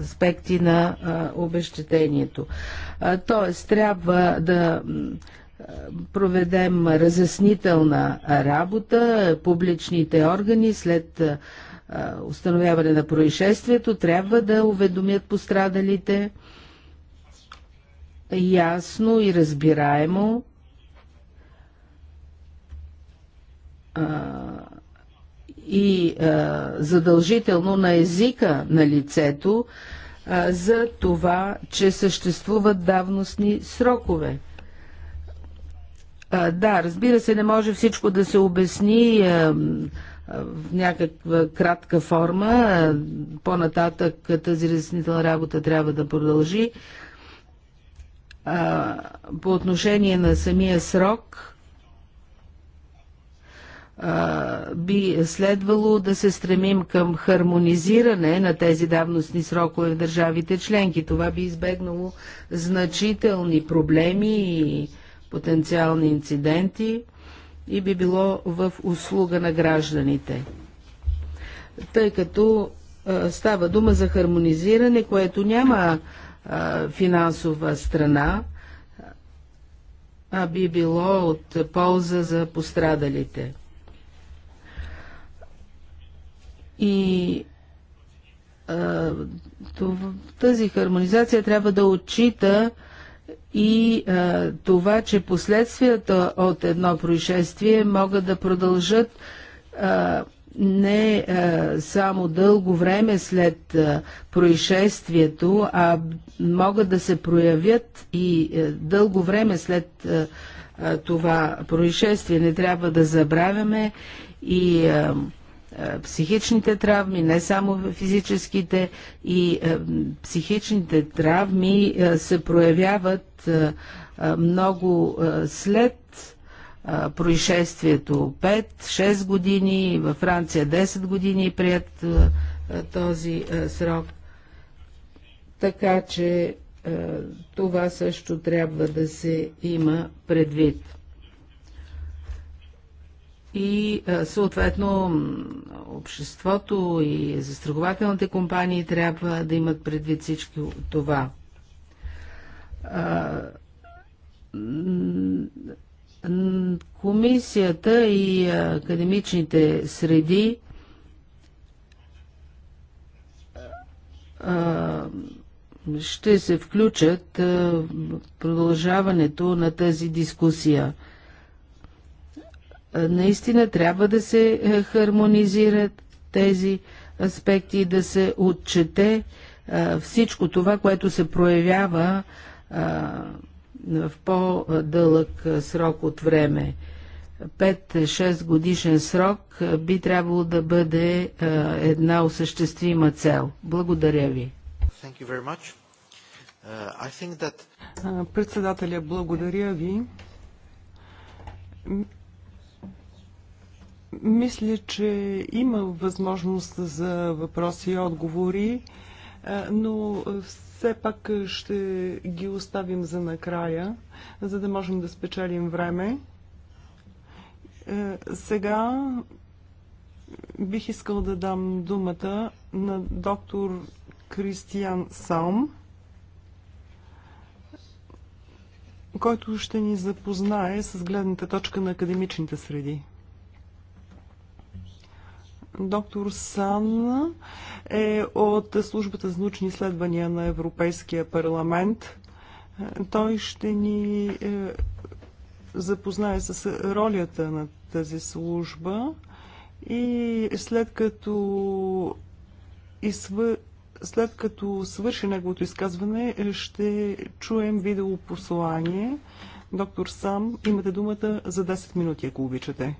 аспекти на обещетението. Тоест, трябва да проведем разяснителна работа. Публичните органи след установяване на происшествието трябва да уведомят пострадалите ясно и разбираемо и задължително на езика на лицето за това, че съществуват давностни срокове. Да, разбира се, не може всичко да се обясни в някаква кратка форма. По-нататък тази разяснителна работа трябва да продължи. По отношение на самия срок, би следвало да се стремим към хармонизиране на тези давностни срокове в държавите членки. Това би избегнало значителни проблеми и потенциални инциденти и би било в услуга на гражданите. Тъй като а, става дума за хармонизиране, което няма а, финансова страна, а би било от полза за пострадалите. И а, това, тази хармонизация трябва да отчита и а, това, че последствията от едно происшествие могат да продължат а, не а, само дълго време след а, происшествието, а могат да се проявят и а, дълго време след а, а, това происшествие. Не трябва да забравяме и а, е, психичните травми, не само физическите и е, психичните травми е, се проявяват много след происшествието 5-6 години, във Франция 10 години прият този срок. Така че това също трябва да се има предвид и е, съответно обществото и застрахователните компании трябва да имат предвид всички това. Е, комисията и академичните среди е, ще се включат в продължаването на тази дискусия – е, наистина трябва да се е, хармонизират тези аспекти и да се отчете е, всичко това, което се проявява в по-дълъг срок от време. 5-6 годишен срок би трябвало да бъде една осъществима цел. Благодаря ви. Uh, Председателя, благодаря ви. Мисля, че има възможност за въпроси и отговори, но все пак ще ги оставим за накрая, за да можем да спечелим време. Сега бих искал да дам думата на доктор Кристиян Салм, който ще ни запознае с гледната точка на академичните среди. Доктор Сан е от службата за научни изследвания на Европейския парламент. Той ще ни е, запознае с ролята на тази служба и след като, след като свърши неговото изказване, ще чуем видеопослание. Доктор Сам, имате думата за 10 минути, ако обичате.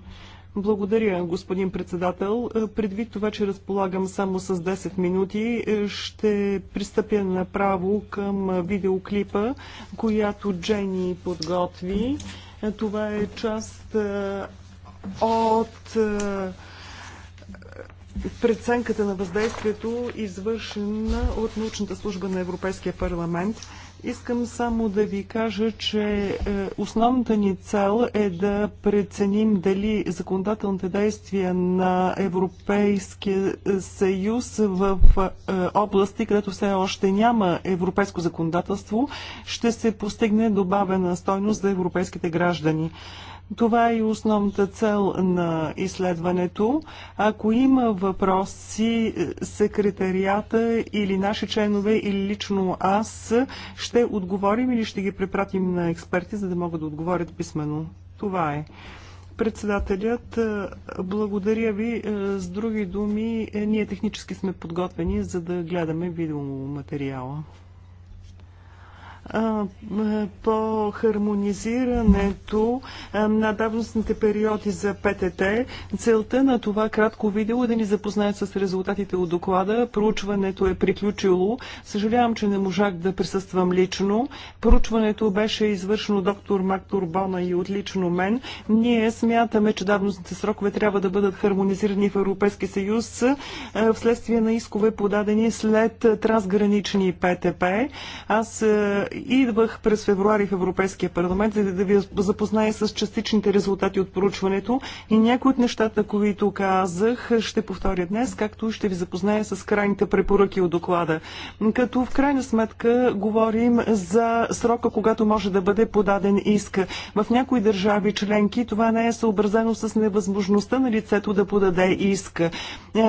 Благодаря, господин председател. Е, предвид това, че разполагам само с 10 минути, е, ще пристъпя направо към видеоклипа, която Джени подготви. Е, това е част от преценката на въздействието, извършена от научната служба на Европейския парламент. Искам само да ви кажа, че е, основната ни цел е да преценим дали законодателните действия на Европейския съюз в е, области, където все още няма европейско законодателство, ще се постигне добавена стойност за европейските граждани. Това е и основната цел на изследването. Ако има въпроси, е, секретарията или наши членове или лично аз ще отговорим или ще ги препратим на експерти, за да могат да отговорят писменно. Това е председателят. Е, благодаря ви. Е, с други думи, ние технически сме подготвени, за да гледаме видеоматериала по хармонизирането на давностните периоди за ПТТ. Целта на това кратко видео е да ни запознаят с резултатите от доклада. Проучването е приключило. Съжалявам, че не можах да присъствам лично. Проучването беше извършено доктор Турбона и отлично мен. Ние смятаме, че давностните срокове трябва да бъдат хармонизирани в Европейски съюз вследствие на искове подадени след трансгранични ПТП. Аз идвах през февруари в Европейския парламент, за да ви запозная с частичните резултати от проучването и някои от нещата, които казах, ще повторя днес, както ще ви запозная с крайните препоръки от доклада. Като в крайна сметка говорим за срока, когато може да бъде подаден иск. В някои държави членки това не е съобразено с невъзможността на лицето да подаде иск. Е,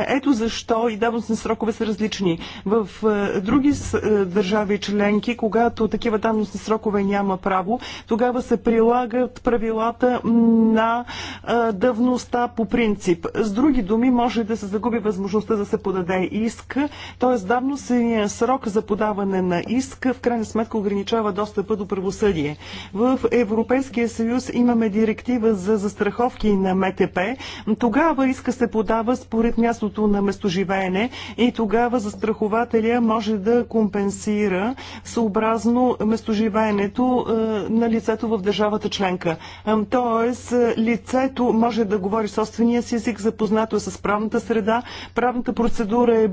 ето защо и давностни срокове са различни. В е, други е, държави членки, когато такива данностни срокове няма право, тогава се прилагат правилата на давността по принцип. С други думи, може да се загуби възможността да се подаде иск, т.е. давностният срок за подаване на иск в крайна сметка ограничава достъпа до правосъдие. В Европейския съюз имаме директива за застраховки на МТП. Тогава иска се подава според мястото на местоживеене и тогава застрахователя може да компенсира съобразно относно местоживеенето е, на лицето в държавата членка. Тоест, е, лицето може да говори собствения си език, запознато е с правната среда. Правната процедура е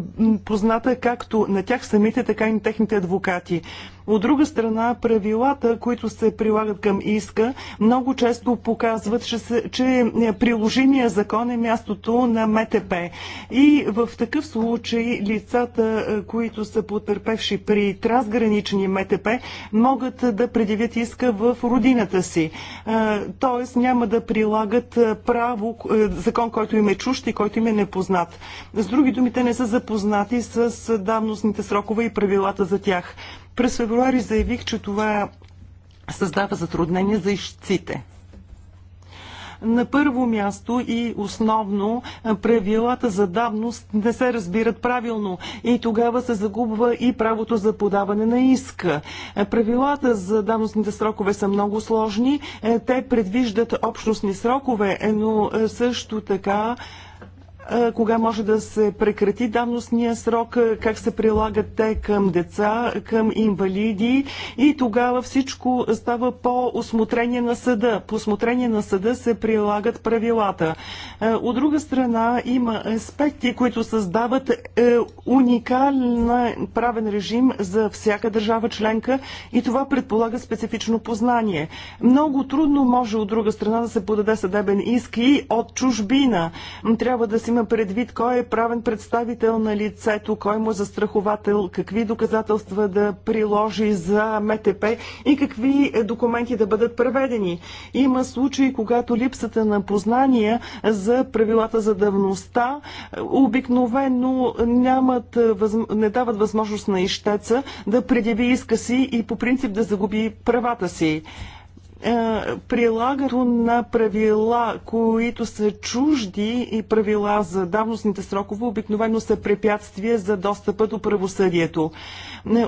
позната както на тях самите, така и на техните адвокати. От друга страна, правилата, които се прилагат към иска, много често показват, че, се, че е, приложения закон е мястото на МТП. И в такъв случай лицата, които са потърпевши при трансгранични МТП, могат да предявят иска в родината си. Тоест няма да прилагат право, закон, който им е чущ и който им е непознат. С други думи, те не са запознати с давностните срокове и правилата за тях. През февруари заявих, че това създава затруднения за ищците. На първо място и основно правилата за давност не се разбират правилно и тогава се загубва и правото за подаване на иска. Правилата за давностните срокове са много сложни. Е, те предвиждат общностни срокове, е, но е, също така кога може да се прекрати давностния срок, как се прилагат те към деца, към инвалиди и тогава всичко става по осмотрение на съда. По осмотрение на съда се прилагат правилата. От друга страна има аспекти, които създават е, уникален правен режим за всяка държава членка и това предполага специфично познание. Много трудно може от друга страна да се подаде съдебен иск и от чужбина. Трябва да си има предвид кой е правен представител на лицето, кой му е застраховател, какви доказателства да приложи за МТП и какви документи да бъдат преведени. Има случаи, когато липсата на познания за правилата за давността е, обикновено нямат, е, не дават възможност на ищеца да предяви иска си и по принцип да загуби правата си. Е, прилагането на правила, които са чужди и правила за давностните срокове, обикновено са препятствие за достъпа до правосъдието.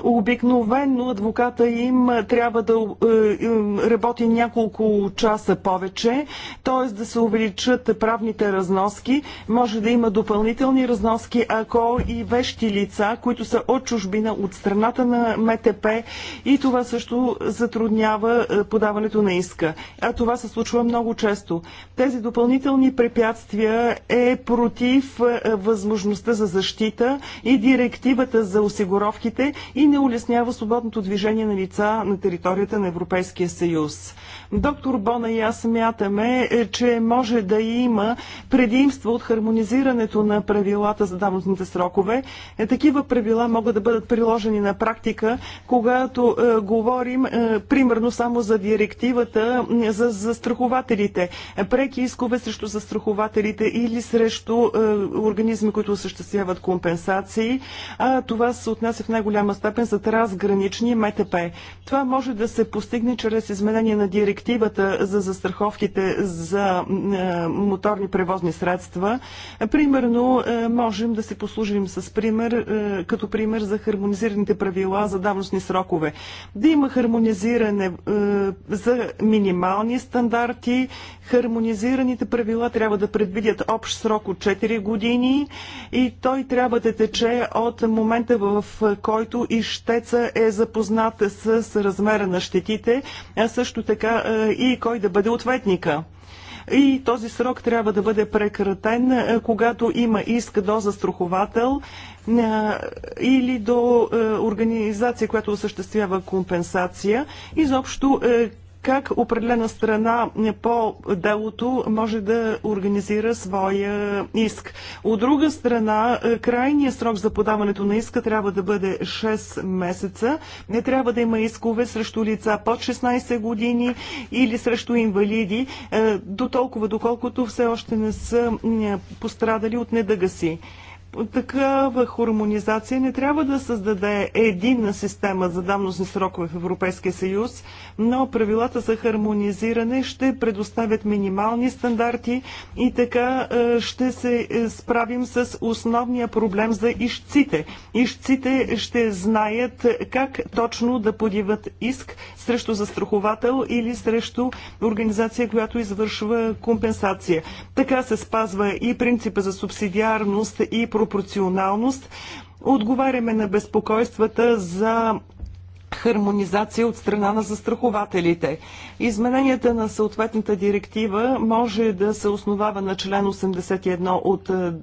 Обикновено адвоката им е, трябва да е, е, работи няколко часа повече, т.е. да се увеличат правните разноски. Може да има допълнителни разноски, ако и вещи лица, които са от чужбина, от страната на МТП и това също затруднява подаването на иска. А това се случва много често. Тези допълнителни препятствия е против възможността за защита и директивата за осигуровките и не улеснява свободното движение на лица на територията на Европейския съюз. Доктор Бона и аз смятаме, е, че може да има предимства от хармонизирането на правилата за давностните срокове. Е, такива правила могат да бъдат приложени на практика, когато е, говорим е, примерно само за директивата е, за застрахователите. Преки искове срещу застрахователите или срещу е, организми, които осъществяват компенсации. А, това се отнася в най-голяма голяма степен за трансгранични МТП. Това може да се постигне чрез изменение на директивата за застраховките за е, моторни превозни средства. Примерно, е, можем да се послужим с пример, е, като пример за хармонизираните правила за давностни срокове. Да има хармонизиране за минимални стандарти, хармонизираните правила трябва да предвидят общ срок от 4 години и той трябва да тече от момента, в който и ищеца е запознат с размера на щетите, а също така е, и кой да бъде ответника. И този срок трябва да бъде прекратен, е, когато има иск до застраховател е, или до организация, която осъществява компенсация. Изобщо как определена страна по делото може да организира своя иск. От друга страна, е, крайният срок за подаването на иска трябва да бъде 6 месеца. Не трябва да има искове срещу лица под 16 години или срещу инвалиди, е, до толкова доколкото все още не са пострадали от недъга си такава хармонизация не трябва да създаде единна система за давностни срокове в Европейския съюз, но правилата за хармонизиране ще предоставят минимални стандарти и така е, ще се е, справим с основния проблем за ищците. Ищците ще знаят как точно да подиват иск срещу застраховател или срещу организация, която извършва компенсация. Така се спазва и принципа за субсидиарност и пропорционалност. Отговаряме на безпокойствата за хармонизация от страна на застрахователите. Измененията на съответната директива може да се основава на член 81 от е,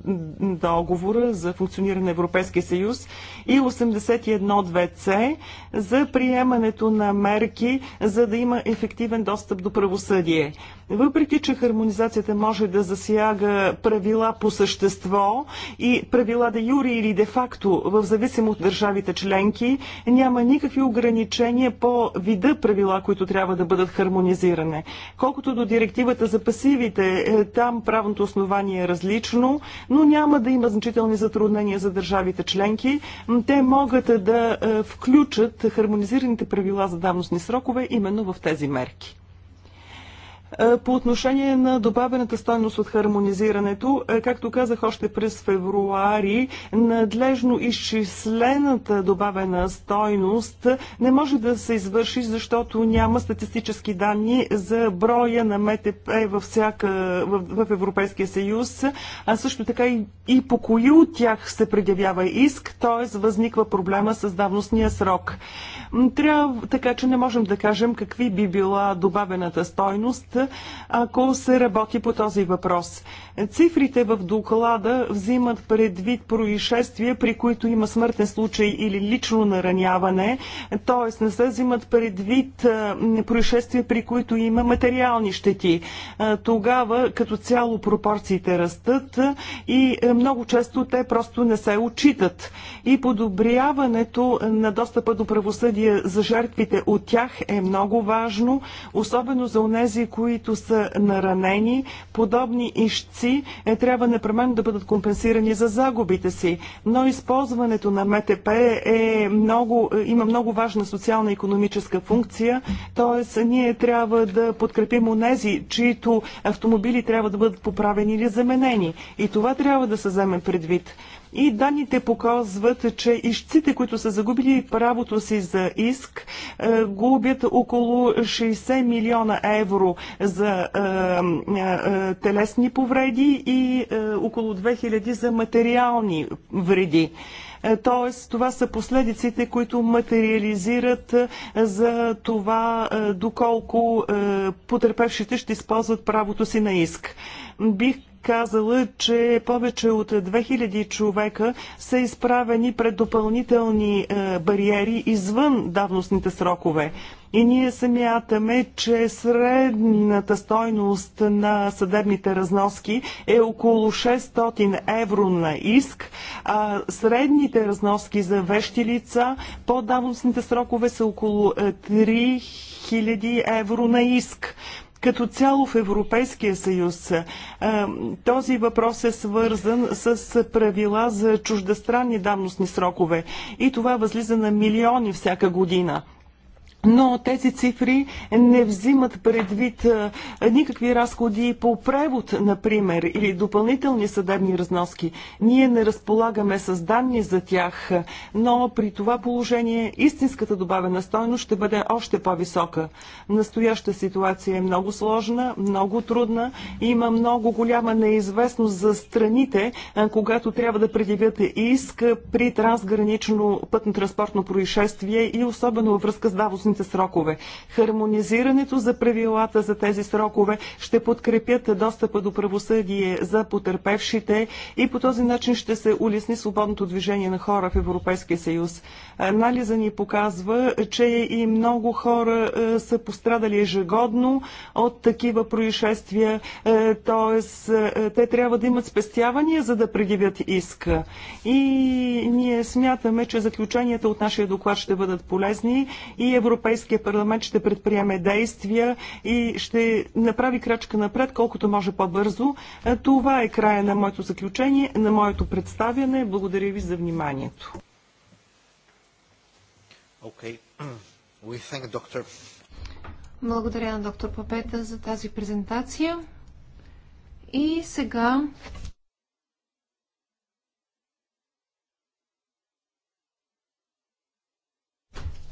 договора за функциониране на Европейския съюз и 81.2c за приемането на мерки, за да има ефективен достъп до правосъдие. Въпреки, че хармонизацията може да засяга правила по същество и правила де юри или де факто, в зависимо от държавите членки, няма никакви ограничения ограничение по вида правила, които трябва да бъдат хармонизиране. Колкото до директивата за пасивите, е, там правното основание е различно, но няма да има значителни затруднения за държавите членки. Те могат да е, включат хармонизираните правила за давностни срокове именно в тези мерки. По отношение на добавената стойност от хармонизирането, както казах още през февруари, надлежно изчислената добавена стойност не може да се извърши, защото няма статистически данни за броя на МТП във всяка, в, в Европейския съюз, а също така и, и по кои от тях се предявява иск, т.е. възниква проблема с давностния срок. Трябва, така че не можем да кажем какви би била добавената стойност, ако се работи по този въпрос. Цифрите в доклада взимат предвид происшествия, при които има смъртен случай или лично нараняване, т.е. не се взимат предвид происшествия, при които има материални щети. Тогава като цяло пропорциите растат и е, много често те просто не се отчитат. И подобряването на достъпа до правосъдие за жертвите от тях е много важно, особено за онези, които които са наранени, подобни ищци е, трябва непременно да бъдат компенсирани за загубите си. Но използването на МТП е много, има много важна социална и економическа функция, т.е. ние трябва да подкрепим онези, чието автомобили трябва да бъдат поправени или заменени. И това трябва да се вземе предвид. И данните показват, че ищците, които са загубили правото си за иск, е, губят около 60 милиона евро за е, е, телесни повреди и около 2000 за материални вреди. Тоест, това са последиците, които материализират за това доколко потерпевшите ще използват правото си на иск. Бих казала, че повече от 2000 човека са изправени пред допълнителни е, бариери извън давностните срокове. И ние смятаме, че средната стойност на съдебните разноски е около 600 евро на иск, а средните разноски за вещи лица по давностните срокове са около 3000 е, евро на иск като цяло в Европейския съюз. Този въпрос е свързан с правила за чуждестранни давностни срокове и това възлиза на милиони всяка година но тези цифри не взимат предвид никакви разходи по превод, например, или допълнителни съдебни разноски. Ние не разполагаме с данни за тях, но при това положение истинската добавена стойност ще бъде още по-висока. Настояща ситуация е много сложна, много трудна. Има много голяма неизвестност за страните, когато трябва да предявят иск при трансгранично пътно-транспортно происшествие и особено във връзка с давост крайностните срокове. Хармонизирането за правилата за тези срокове ще подкрепят достъпа до правосъдие за потерпевшите и по този начин ще се улесни свободното движение на хора в Европейския съюз. Анализа ни показва, че и много хора е, са пострадали ежегодно от такива происшествия, т.е. Е, те трябва да имат спестявания, за да предявят иска. И ние смятаме, че заключенията от нашия доклад ще бъдат полезни и Европейския Европейския парламент ще предприеме действия и ще направи крачка напред колкото може по-бързо. Е, това е края на моето заключение, на моето представяне. Благодаря ви за вниманието. Okay. We thank doctor. Благодаря на доктор Папета за тази презентация. И сега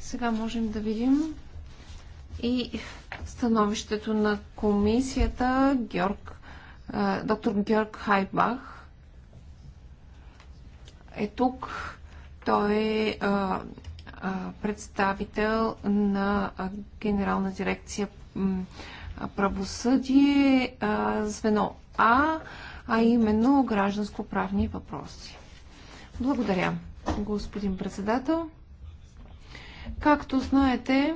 Сега можем да видим и становището на комисията Георг, доктор Георг Хайбах е тук. Той е представител на Генерална дирекция правосъдие звено А, а именно гражданско-правни въпроси. Благодаря, господин председател. Както знаете,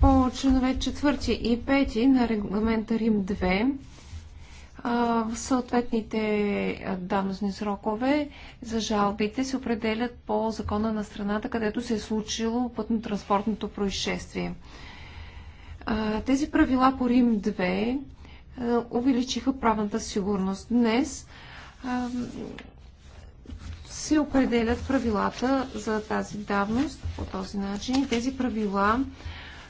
по членове 4 и 5 на регламента Рим 2, в съответните данъчни срокове за жалбите се определят по закона на страната, където се е случило пътно-транспортното происшествие. Тези правила по Рим 2 увеличиха правната сигурност. Днес се определят правилата за тази давност по този начин тези правила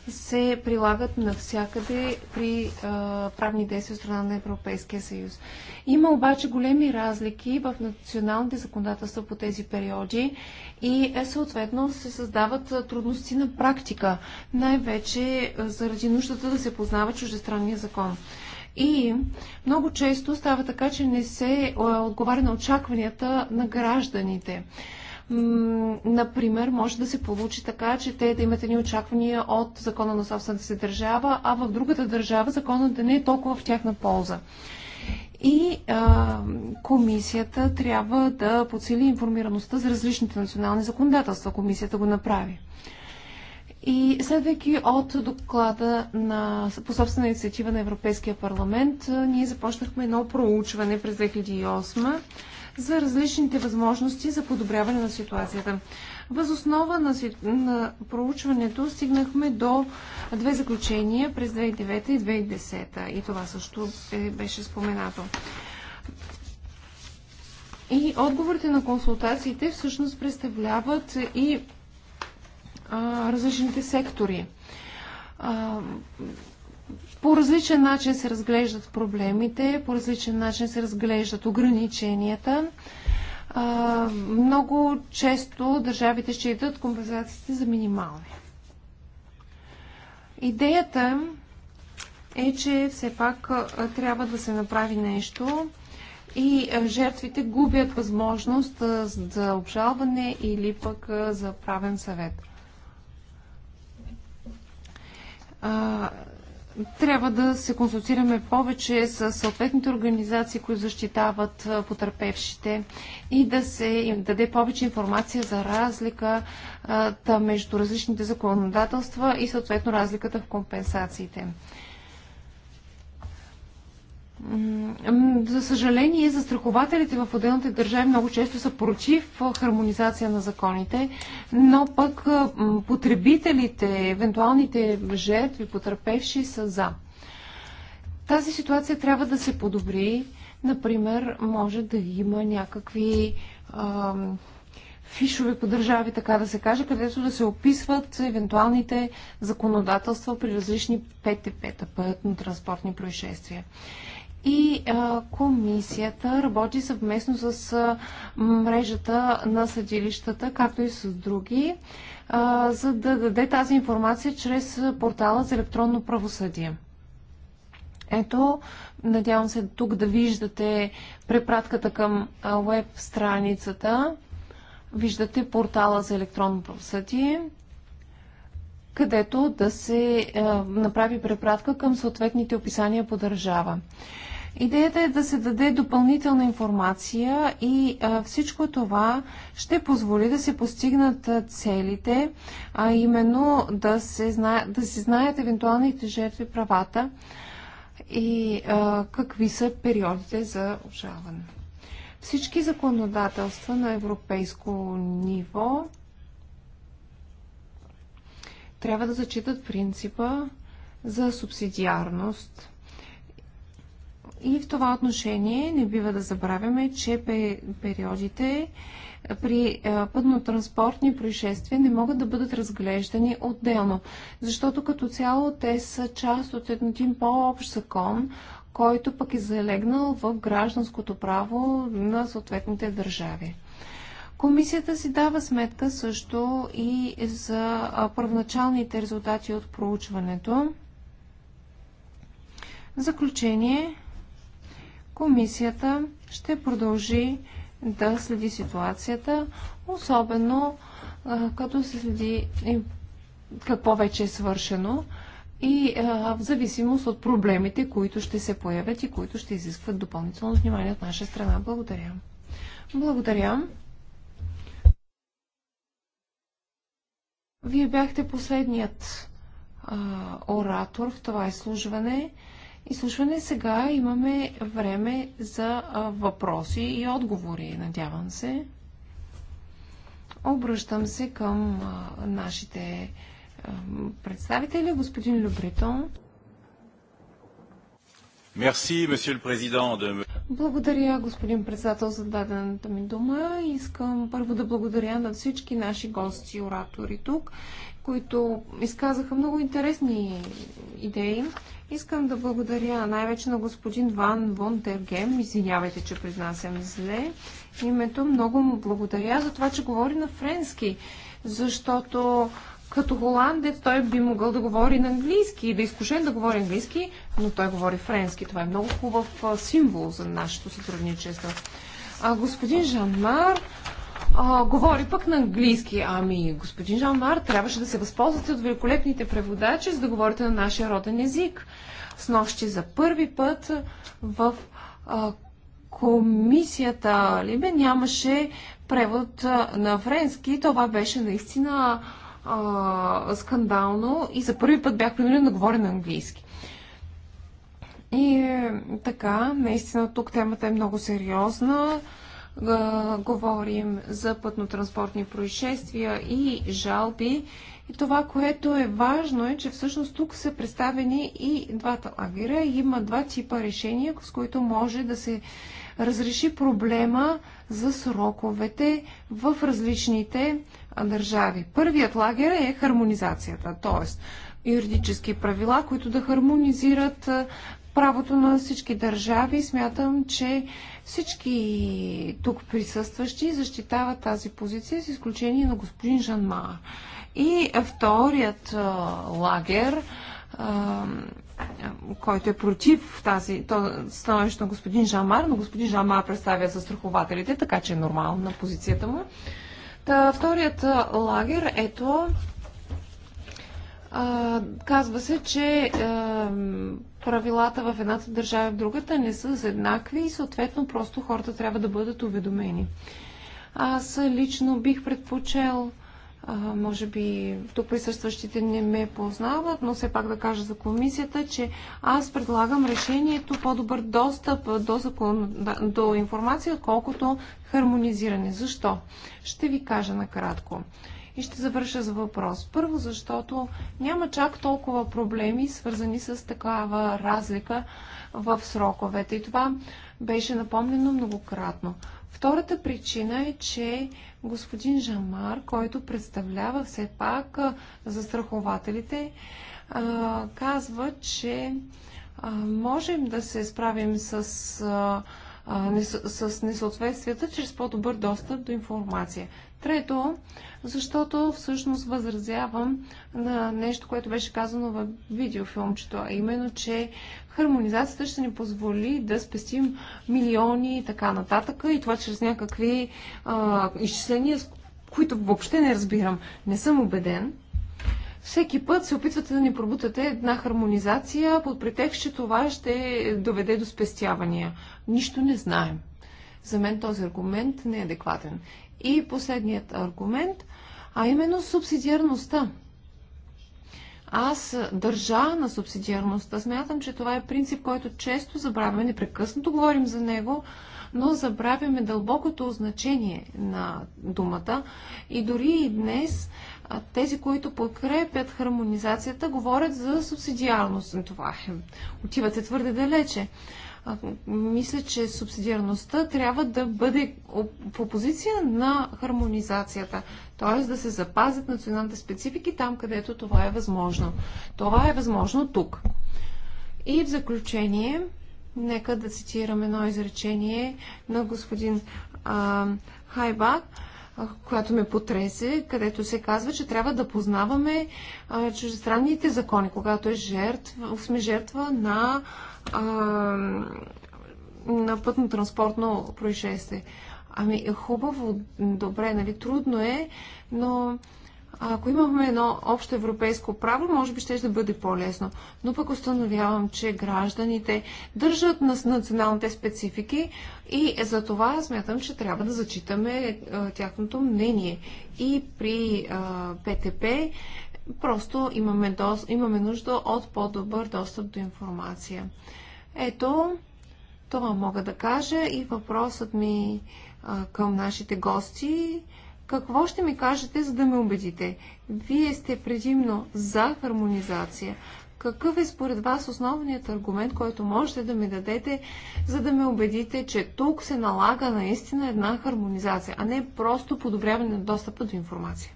се прилагат навсякъде при а, правни действия страна на Европейския съюз. Има обаче големи разлики в националните законодателства по тези периоди и е, съответно се създават трудности на практика, най-вече заради нуждата да се познава чуждестранния закон. И много често става така, че не се е, отговаря на очакванията на гражданите например, може да се получи така, че те да имат едни очаквания от закона на собствената си държава, а в другата държава законът да не е толкова в тяхна полза. И а, комисията трябва да подсили информираността за различните национални законодателства. Комисията го направи. И следвайки от доклада на, по собствена инициатива на Европейския парламент, ние започнахме едно проучване през 2008 за различните възможности за подобряване на ситуацията. основа на, на проучването стигнахме до две заключения през 2009 и 2010. И това също е, беше споменато. И отговорите на консултациите всъщност представляват и а, различните сектори. А, по различен начин се разглеждат проблемите, по различен начин се разглеждат ограниченията. А, много често държавите считат компенсациите за минимални. Идеята е, че все пак трябва да се направи нещо и жертвите губят възможност за обжалване или пък за правен съвет а, трябва да се консултираме повече с съответните организации, които защитават потерпевшите и да се им даде повече информация за разликата между различните законодателства и съответно разликата в компенсациите за съжаление, застрахователите в отделните държави много често са против хармонизация на законите, но пък потребителите, евентуалните жертви, потърпевши са за. Тази ситуация трябва да се подобри. Например, може да има някакви ам, фишове по държави, така да се каже, където да се описват евентуалните законодателства при различни ПТП-та, пътно-транспортни происшествия и а, комисията работи съвместно с а, мрежата на съдилищата, както и с други, а, за да даде тази информация чрез портала за електронно правосъдие. Ето, надявам се тук да виждате препратката към веб страницата. Виждате портала за електронно правосъдие където да се е, направи препратка към съответните описания по държава. Идеята е да се даде допълнителна информация и всичко това ще позволи да се постигнат целите, а именно да се, знае, да се знаят евентуалните жертви правата и а, какви са периодите за обжалване. Всички законодателства на европейско ниво трябва да зачитат принципа за субсидиарност. И в това отношение не бива да забравяме, че периодите при е, пътно-транспортни происшествия не могат да бъдат разглеждани отделно, защото като цяло те са част от един по-общ закон, който пък е залегнал в гражданското право на съответните държави. Комисията си дава сметка също и за първоначалните резултати от проучването. В заключение, Комисията ще продължи да следи ситуацията, особено като се следи какво вече е свършено и в зависимост от проблемите, които ще се появят и които ще изискват допълнително внимание от наша страна. Благодаря. Благодаря. Вие бяхте последният оратор в това изслужване изслушване. Сега имаме време за въпроси и отговори, надявам се. Обръщам се към нашите представители, господин Любритон. Merci, Благодаря, господин председател, за дадената ми дума. Искам първо да благодаря на всички наши гости и оратори тук, които изказаха много интересни идеи. Искам да благодаря най-вече на господин Ван Вонтергем. Извинявайте, че произнасям зле името. Много му благодаря за това, че говори на френски, защото като холандец той би могъл да говори на английски и да е изкушен да говори английски, но той говори френски. Това е много хубав символ за нашето сътрудничество. А господин Жанмар, а, говори пък на английски. Ами, господин Мар, трябваше да се възползвате от великолепните преводачи, за да говорите на нашия роден език. С нощи за първи път в а, комисията Либе нямаше превод на френски. Това беше наистина а, скандално и за първи път бях принуден да говоря на английски. И е, така, наистина тук темата е много сериозна говорим за пътно-транспортни происшествия и жалби. И това, което е важно е, че всъщност тук са представени и двата лагера. Има два типа решения, с които може да се разреши проблема за сроковете в различните държави. Първият лагер е хармонизацията, т.е. юридически правила, които да хармонизират правото на всички държави. Смятам, че всички тук присъстващи защитават тази позиция, с изключение на господин Жанма. И вторият лагер, който е против тази становище на господин Жамар, но господин Жамар представя застрахователите, така че е нормална позицията му. Та, вторият лагер, ето, а, казва се, че а, правилата в едната държава и в другата не са еднакви и съответно просто хората трябва да бъдат уведомени. Аз лично бих предпочел, а, може би тук присъстващите не ме познават, но все пак да кажа за комисията, че аз предлагам решението по-добър достъп до, закон, до информация, колкото хармонизиране. Защо? Ще ви кажа накратко. И ще завърша за въпрос. Първо, защото няма чак толкова проблеми, свързани с такава разлика в сроковете. И това беше напомнено многократно. Втората причина е, че господин Жамар, който представлява все пак застрахователите, казва, че можем да се справим с, с несъответствията чрез по-добър достъп до информация. Трето, защото всъщност възразявам на нещо, което беше казано в видеофилмчето, а именно, че хармонизацията ще ни позволи да спестим милиони и така нататък, и това чрез някакви а, изчисления, които въобще не разбирам. Не съм убеден. Всеки път се опитвате да ни пробутате една хармонизация под претекст, че това ще доведе до спестявания. Нищо не знаем. За мен този аргумент не е адекватен. И последният аргумент, а именно субсидиарността. Аз държа на субсидиарността. Смятам, че това е принцип, който често забравяме, непрекъснато говорим за него, но забравяме дълбокото значение на думата. И дори и днес тези, които подкрепят хармонизацията, говорят за субсидиарност. Това е. Отивате твърде далече мисля, че субсидиарността трябва да бъде по позиция на хармонизацията, т.е. да се запазят националните специфики там, където това е възможно. Това е възможно тук. И в заключение, нека да цитирам едно изречение на господин а, Хайбак, която ме потресе, където се казва, че трябва да познаваме а, чуждестранните закони, когато е жертва, сме жертва на на пътно-транспортно происшествие. Ами е хубаво, добре, нали, трудно е, но ако имаме едно общо европейско право, може би ще да бъде по-лесно. Но пък установявам, че гражданите държат на националните специфики и за това смятам, че трябва да зачитаме тяхното мнение. И при ПТП Просто имаме, до, имаме нужда от по-добър достъп до информация. Ето, това мога да кажа и въпросът ми а, към нашите гости. Какво ще ми кажете, за да ме убедите? Вие сте предимно за хармонизация. Какъв е според вас основният аргумент, който можете да ми дадете, за да ме убедите, че тук се налага наистина една хармонизация, а не просто подобряване на достъпа до информация?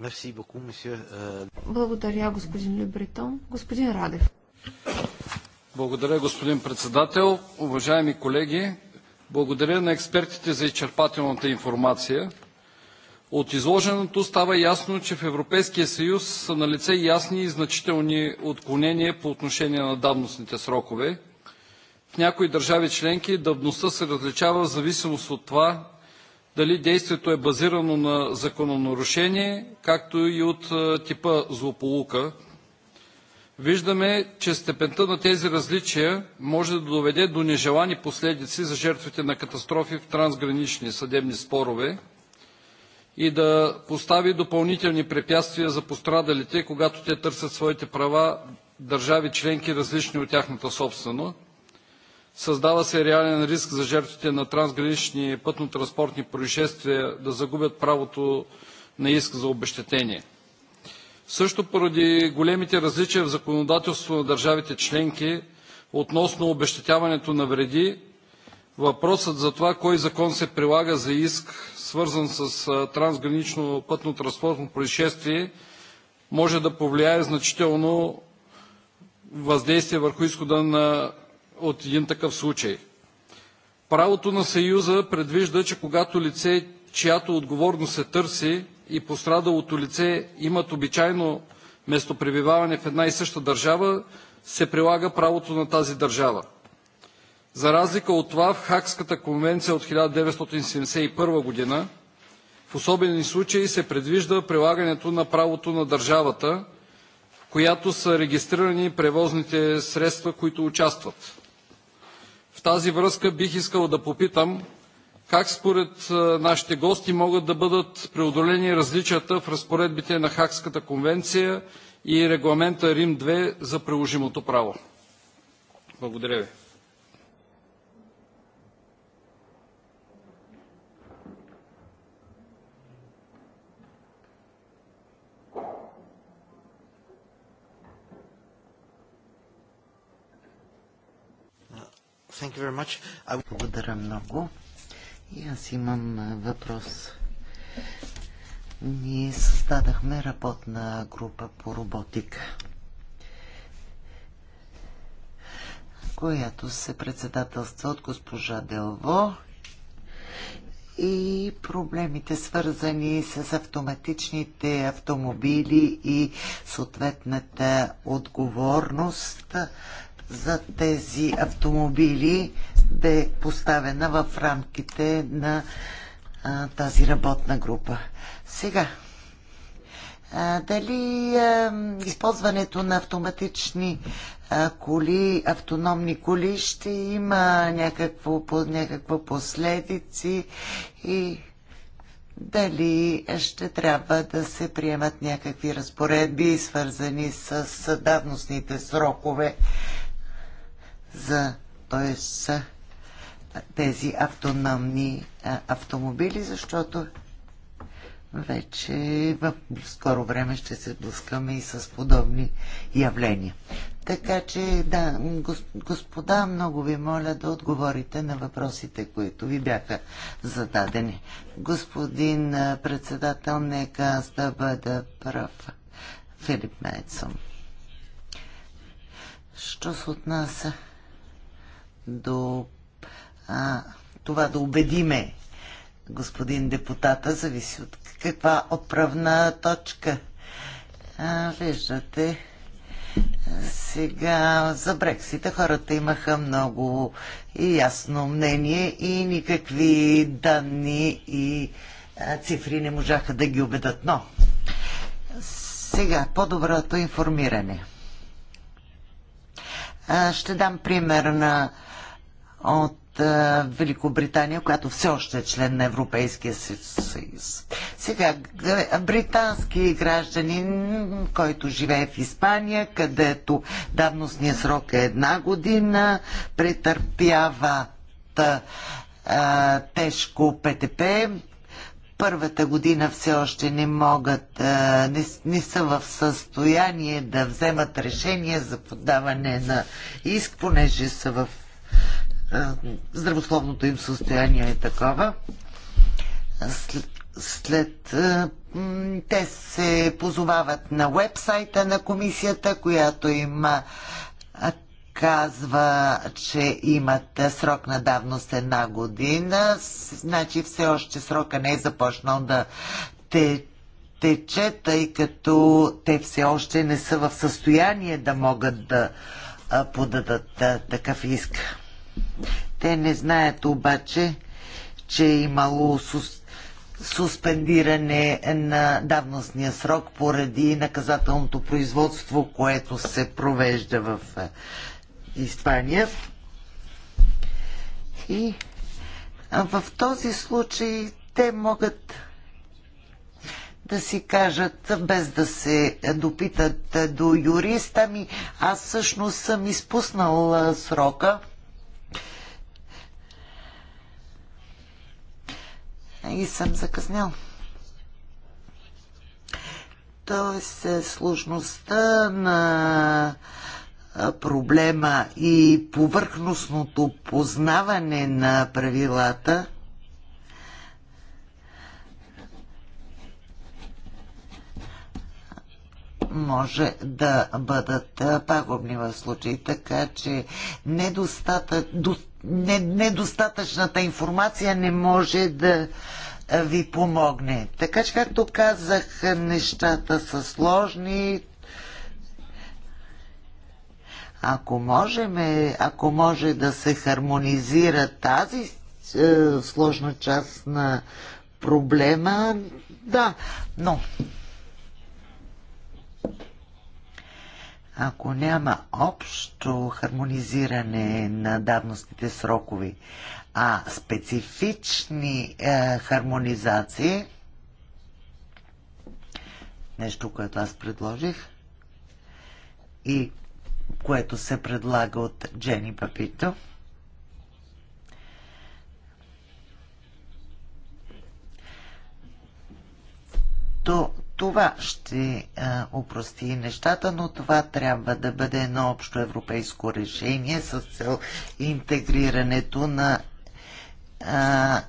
Мерси euh, Благодаря, господин Лебретон. Господин Радев. Благодаря, господин председател. Уважаеми колеги, благодаря на експертите за изчерпателната информация. От изложеното става ясно, че в Европейския съюз са налице ясни и значителни отклонения по отношение на давностните срокове. В някои държави членки давността се различава в зависимост от това дали действието е базирано на закононарушение, както и от е, типа злополука. Виждаме, че степента на тези различия може да доведе до нежелани последици за жертвите на катастрофи в трансгранични съдебни спорове и да постави допълнителни препятствия за пострадалите, когато те търсят своите права държави членки, различни от тяхната собствена. Създава се реален риск за жертвите на трансгранични пътно-транспортни происшествия да загубят правото на иск за обещетение. Също поради големите различия в законодателство на държавите членки относно обещетяването на вреди, въпросът за това кой закон се прилага за иск, свързан с трансгранично пътно-транспортно происшествие, може да повлияе значително въздействие върху изхода на от един такъв случай. Правото на Съюза предвижда, че когато лице, чиято отговорност се търси и пострадалото лице имат обичайно местопребиваване в една и съща държава, се прилага правото на тази държава. За разлика от това, в Хакската конвенция от 1971 година в особени случаи се предвижда прилагането на правото на държавата, в която са регистрирани превозните средства, които участват тази връзка бих искал да попитам как според е, нашите гости могат да бъдат преодолени различията в разпоредбите на Хакската конвенция и регламента Рим 2 за приложимото право? Благодаря ви. I... Благодаря много. И аз имам въпрос. Ние създадахме работна група по роботика, която се председателства от госпожа Делво и проблемите свързани с автоматичните автомобили и съответната отговорност за тези автомобили е поставена в рамките на а, тази работна група. Сега, а, дали а, използването на автоматични а, коли, автономни коли ще има някакво, по, някаква последици и дали ще трябва да се приемат някакви разпоредби, свързани с давностните срокове за т.е. са тези автономни а, автомобили, защото вече в скоро време ще се блъскаме и с подобни явления. Така че, да, господа, много ви моля да отговорите на въпросите, които ви бяха зададени. Господин председател, нека аз да бъда прав. Филип Майцом. Що се отнася? до а, това да убедиме господин депутата, зависи от каква отправна точка. А, виждате, сега за Брексита хората имаха много и ясно мнение и никакви данни и цифри не можаха да ги убедат. Но сега по-доброто информиране. Ще дам пример на от е, Великобритания, която все още е член на Европейския съюз. Сега, е, британски гражданин, който живее в Испания, където давностният срок е една година, претърпява е, тежко ПТП. Първата година все още не могат, не, не са в състояние да вземат решение за подаване на иск, понеже са в здравословното им състояние е такова. След, те се позовават на вебсайта на комисията, която им казва, че имат срок на давност една година. Значи все още срока не е започнал да те тече, тъй като те все още не са в състояние да могат да подадат такъв иск. Те не знаят обаче, че е имало сус... суспендиране на давностния срок поради наказателното производство, което се провежда в е, Испания. И в този случай те могат да си кажат, без да се допитат до юриста ми, аз всъщност съм изпуснал срока и съм закъснял. Тоест, е, сложността на проблема и повърхностното познаване на правилата може да бъдат пагубни в случай, така че недостатък, недостатъчната информация не може да ви помогне. Така че, както казах, нещата са сложни. Ако, можем, е, ако може да се хармонизира тази е, сложна част на проблема, да, но Ако няма общо хармонизиране на давностите срокови, а специфични е, хармонизации, нещо, което аз предложих и което се предлага от Джени Папито, то това ще а, упрости нещата, но това трябва да бъде едно общо европейско решение с цел интегрирането на а,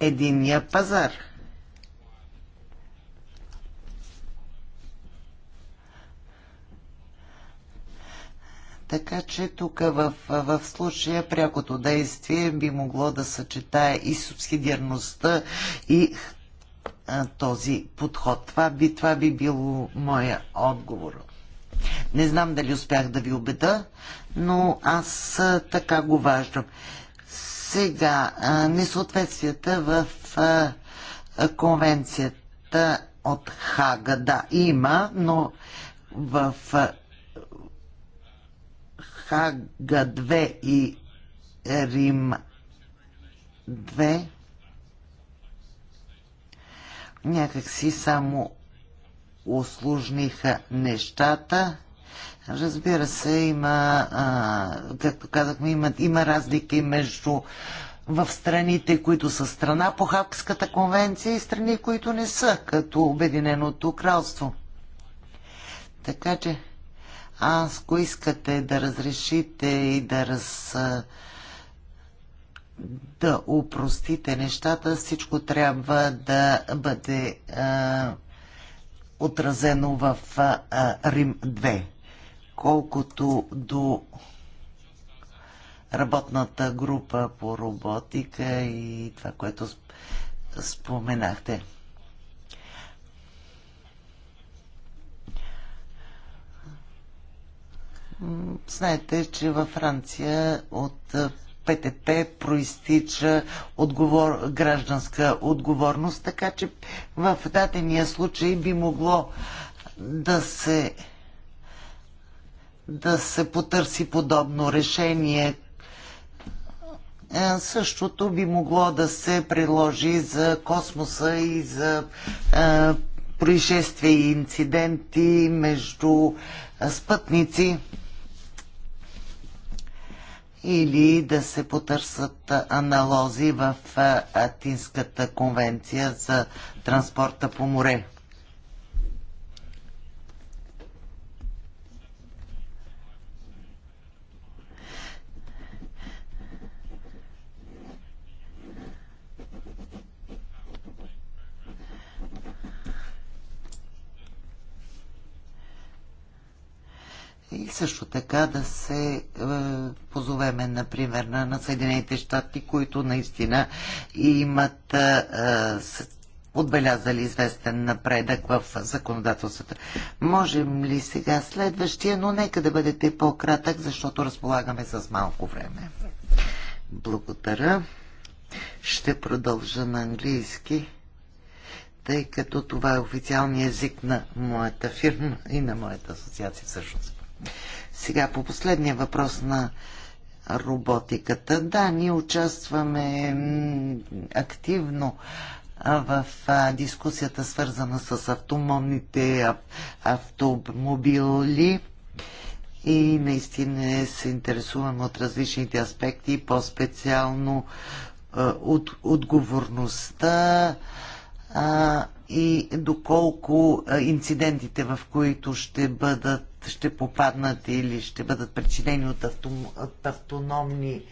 единия пазар. Така че тук в, в случая прякото действие би могло да съчетае и субсидиарността, и този подход. Това би, това би било моя отговор. Не знам дали успях да ви убеда, но аз така го важдам. Сега, несъответствията в конвенцията от Хага. Да, има, но в Хага 2 и Рим 2 някакси само услужниха нещата. Разбира се, има, а, както казахме, има, има разлики между в страните, които са страна по Хапската конвенция и страни, които не са, като Обединеното кралство. Така че, аз, ако искате да разрешите и да раз, да упростите нещата, всичко трябва да бъде а, отразено в а, Рим 2. Колкото до работната група по роботика и това, което споменахте. Знаете, че във Франция от ПТТ проистича отговор, гражданска отговорност, така че в дадения случай би могло да се да се потърси подобно решение. Е, същото би могло да се приложи за космоса и за е, происшествия и инциденти между е, спътници или да се потърсят аналози в Атинската конвенция за транспорта по море. И също така да се е, позовеме, например, на, на Съединените щати, които наистина имат е, отбелязали известен напредък в законодателствата. Можем ли сега следващия, но нека да бъдете по-кратък, защото разполагаме с малко време. Благодаря. Ще продължа на английски, тъй като това е официалният език на моята фирма и на моята асоциация всъщност. Сега по последния въпрос на роботиката. Да, ние участваме активно в дискусията свързана с автомобилите, автомобили и наистина е, се интересуваме от различните аспекти, по-специално от отговорността и доколко инцидентите, в които ще бъдат ще попаднат или ще бъдат причинени от, авто, от автономни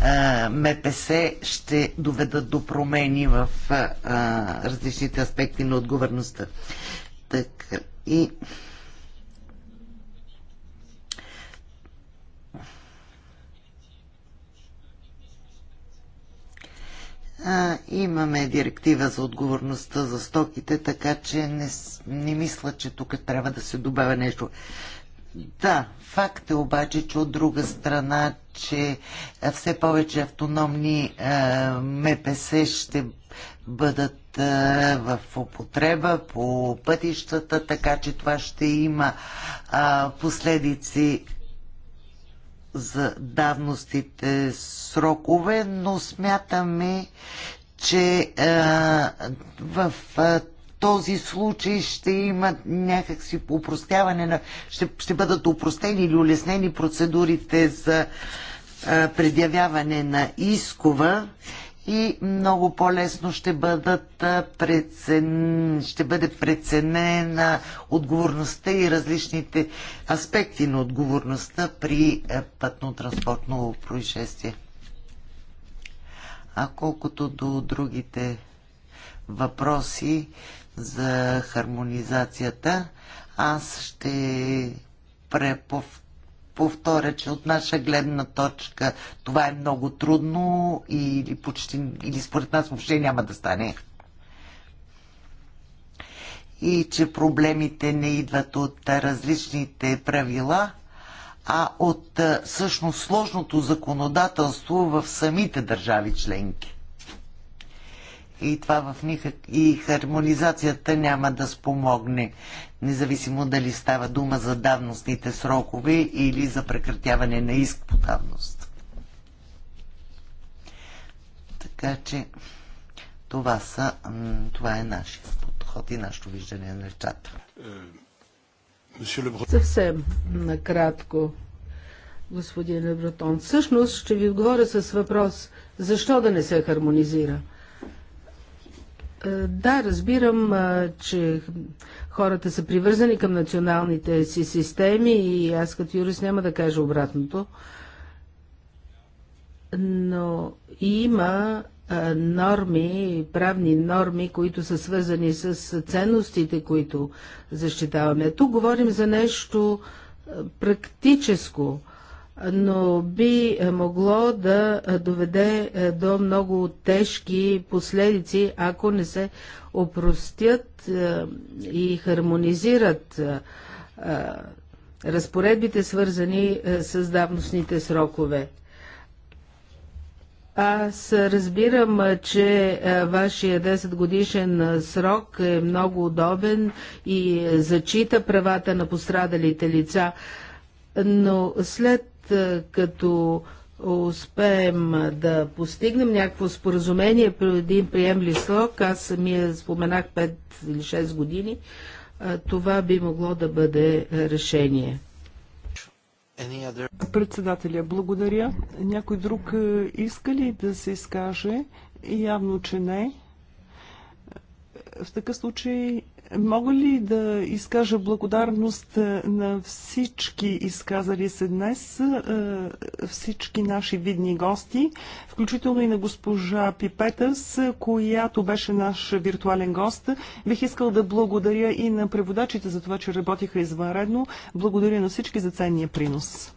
а, МПС, ще доведат до промени в а, различните аспекти на отговорността. Така и имаме директива за отговорността за стоките, така че не, не мисля, че тук трябва да се добавя нещо. Да, факт е обаче, че от друга страна, че все повече автономни а, МПС ще бъдат а, в употреба по пътищата, така че това ще има а, последици за давностите срокове, но смятаме, че а, в а, този случай ще има някакси упростяване на... Ще, ще бъдат упростени или улеснени процедурите за а, предявяване на искова и много по-лесно ще, бъдат прецен... ще бъде преценена отговорността и различните аспекти на отговорността при пътно-транспортно происшествие. А колкото до другите въпроси за хармонизацията, аз ще преповторя повторя, че от наша гледна точка това е много трудно или, почти, или според нас въобще няма да стане. И че проблемите не идват от различните правила, а от всъщност сложното законодателство в самите държави членки и това в никак и хармонизацията няма да спомогне, независимо дали става дума за давностните срокове или за прекратяване на иск по давност. Така че това, са, това е нашия подход и нашето виждане на нещата. Съвсем накратко, господин Евротон, Всъщност ще ви отговоря с въпрос, защо да не се хармонизира – е, да, разбирам, че хората са привързани към националните си системи и аз като юрист няма да кажа обратното. Но има норми, правни норми, които са свързани с ценностите, които защитаваме. Тук говорим за нещо практическо – но би е, могло да е, доведе е, до много тежки последици, ако не се опростят и хармонизират разпоредбите, свързани с давностните срокове. Аз разбирам, че вашия 10 годишен срок е много удобен и зачита правата на пострадалите лица, но след като успеем да постигнем някакво споразумение при един приемли срок, аз самия споменах 5 или 6 години, това би могло да бъде решение. Председателя, благодаря. Някой друг иска ли да се изкаже? Явно, че не. В такъв случай Мога ли да изкажа благодарност на всички изказали се днес, е, всички наши видни гости, включително и на госпожа Пипетас, която беше наш виртуален гост. Бих искал да благодаря и на преводачите за това, че работиха извънредно. Благодаря на всички за ценния принос.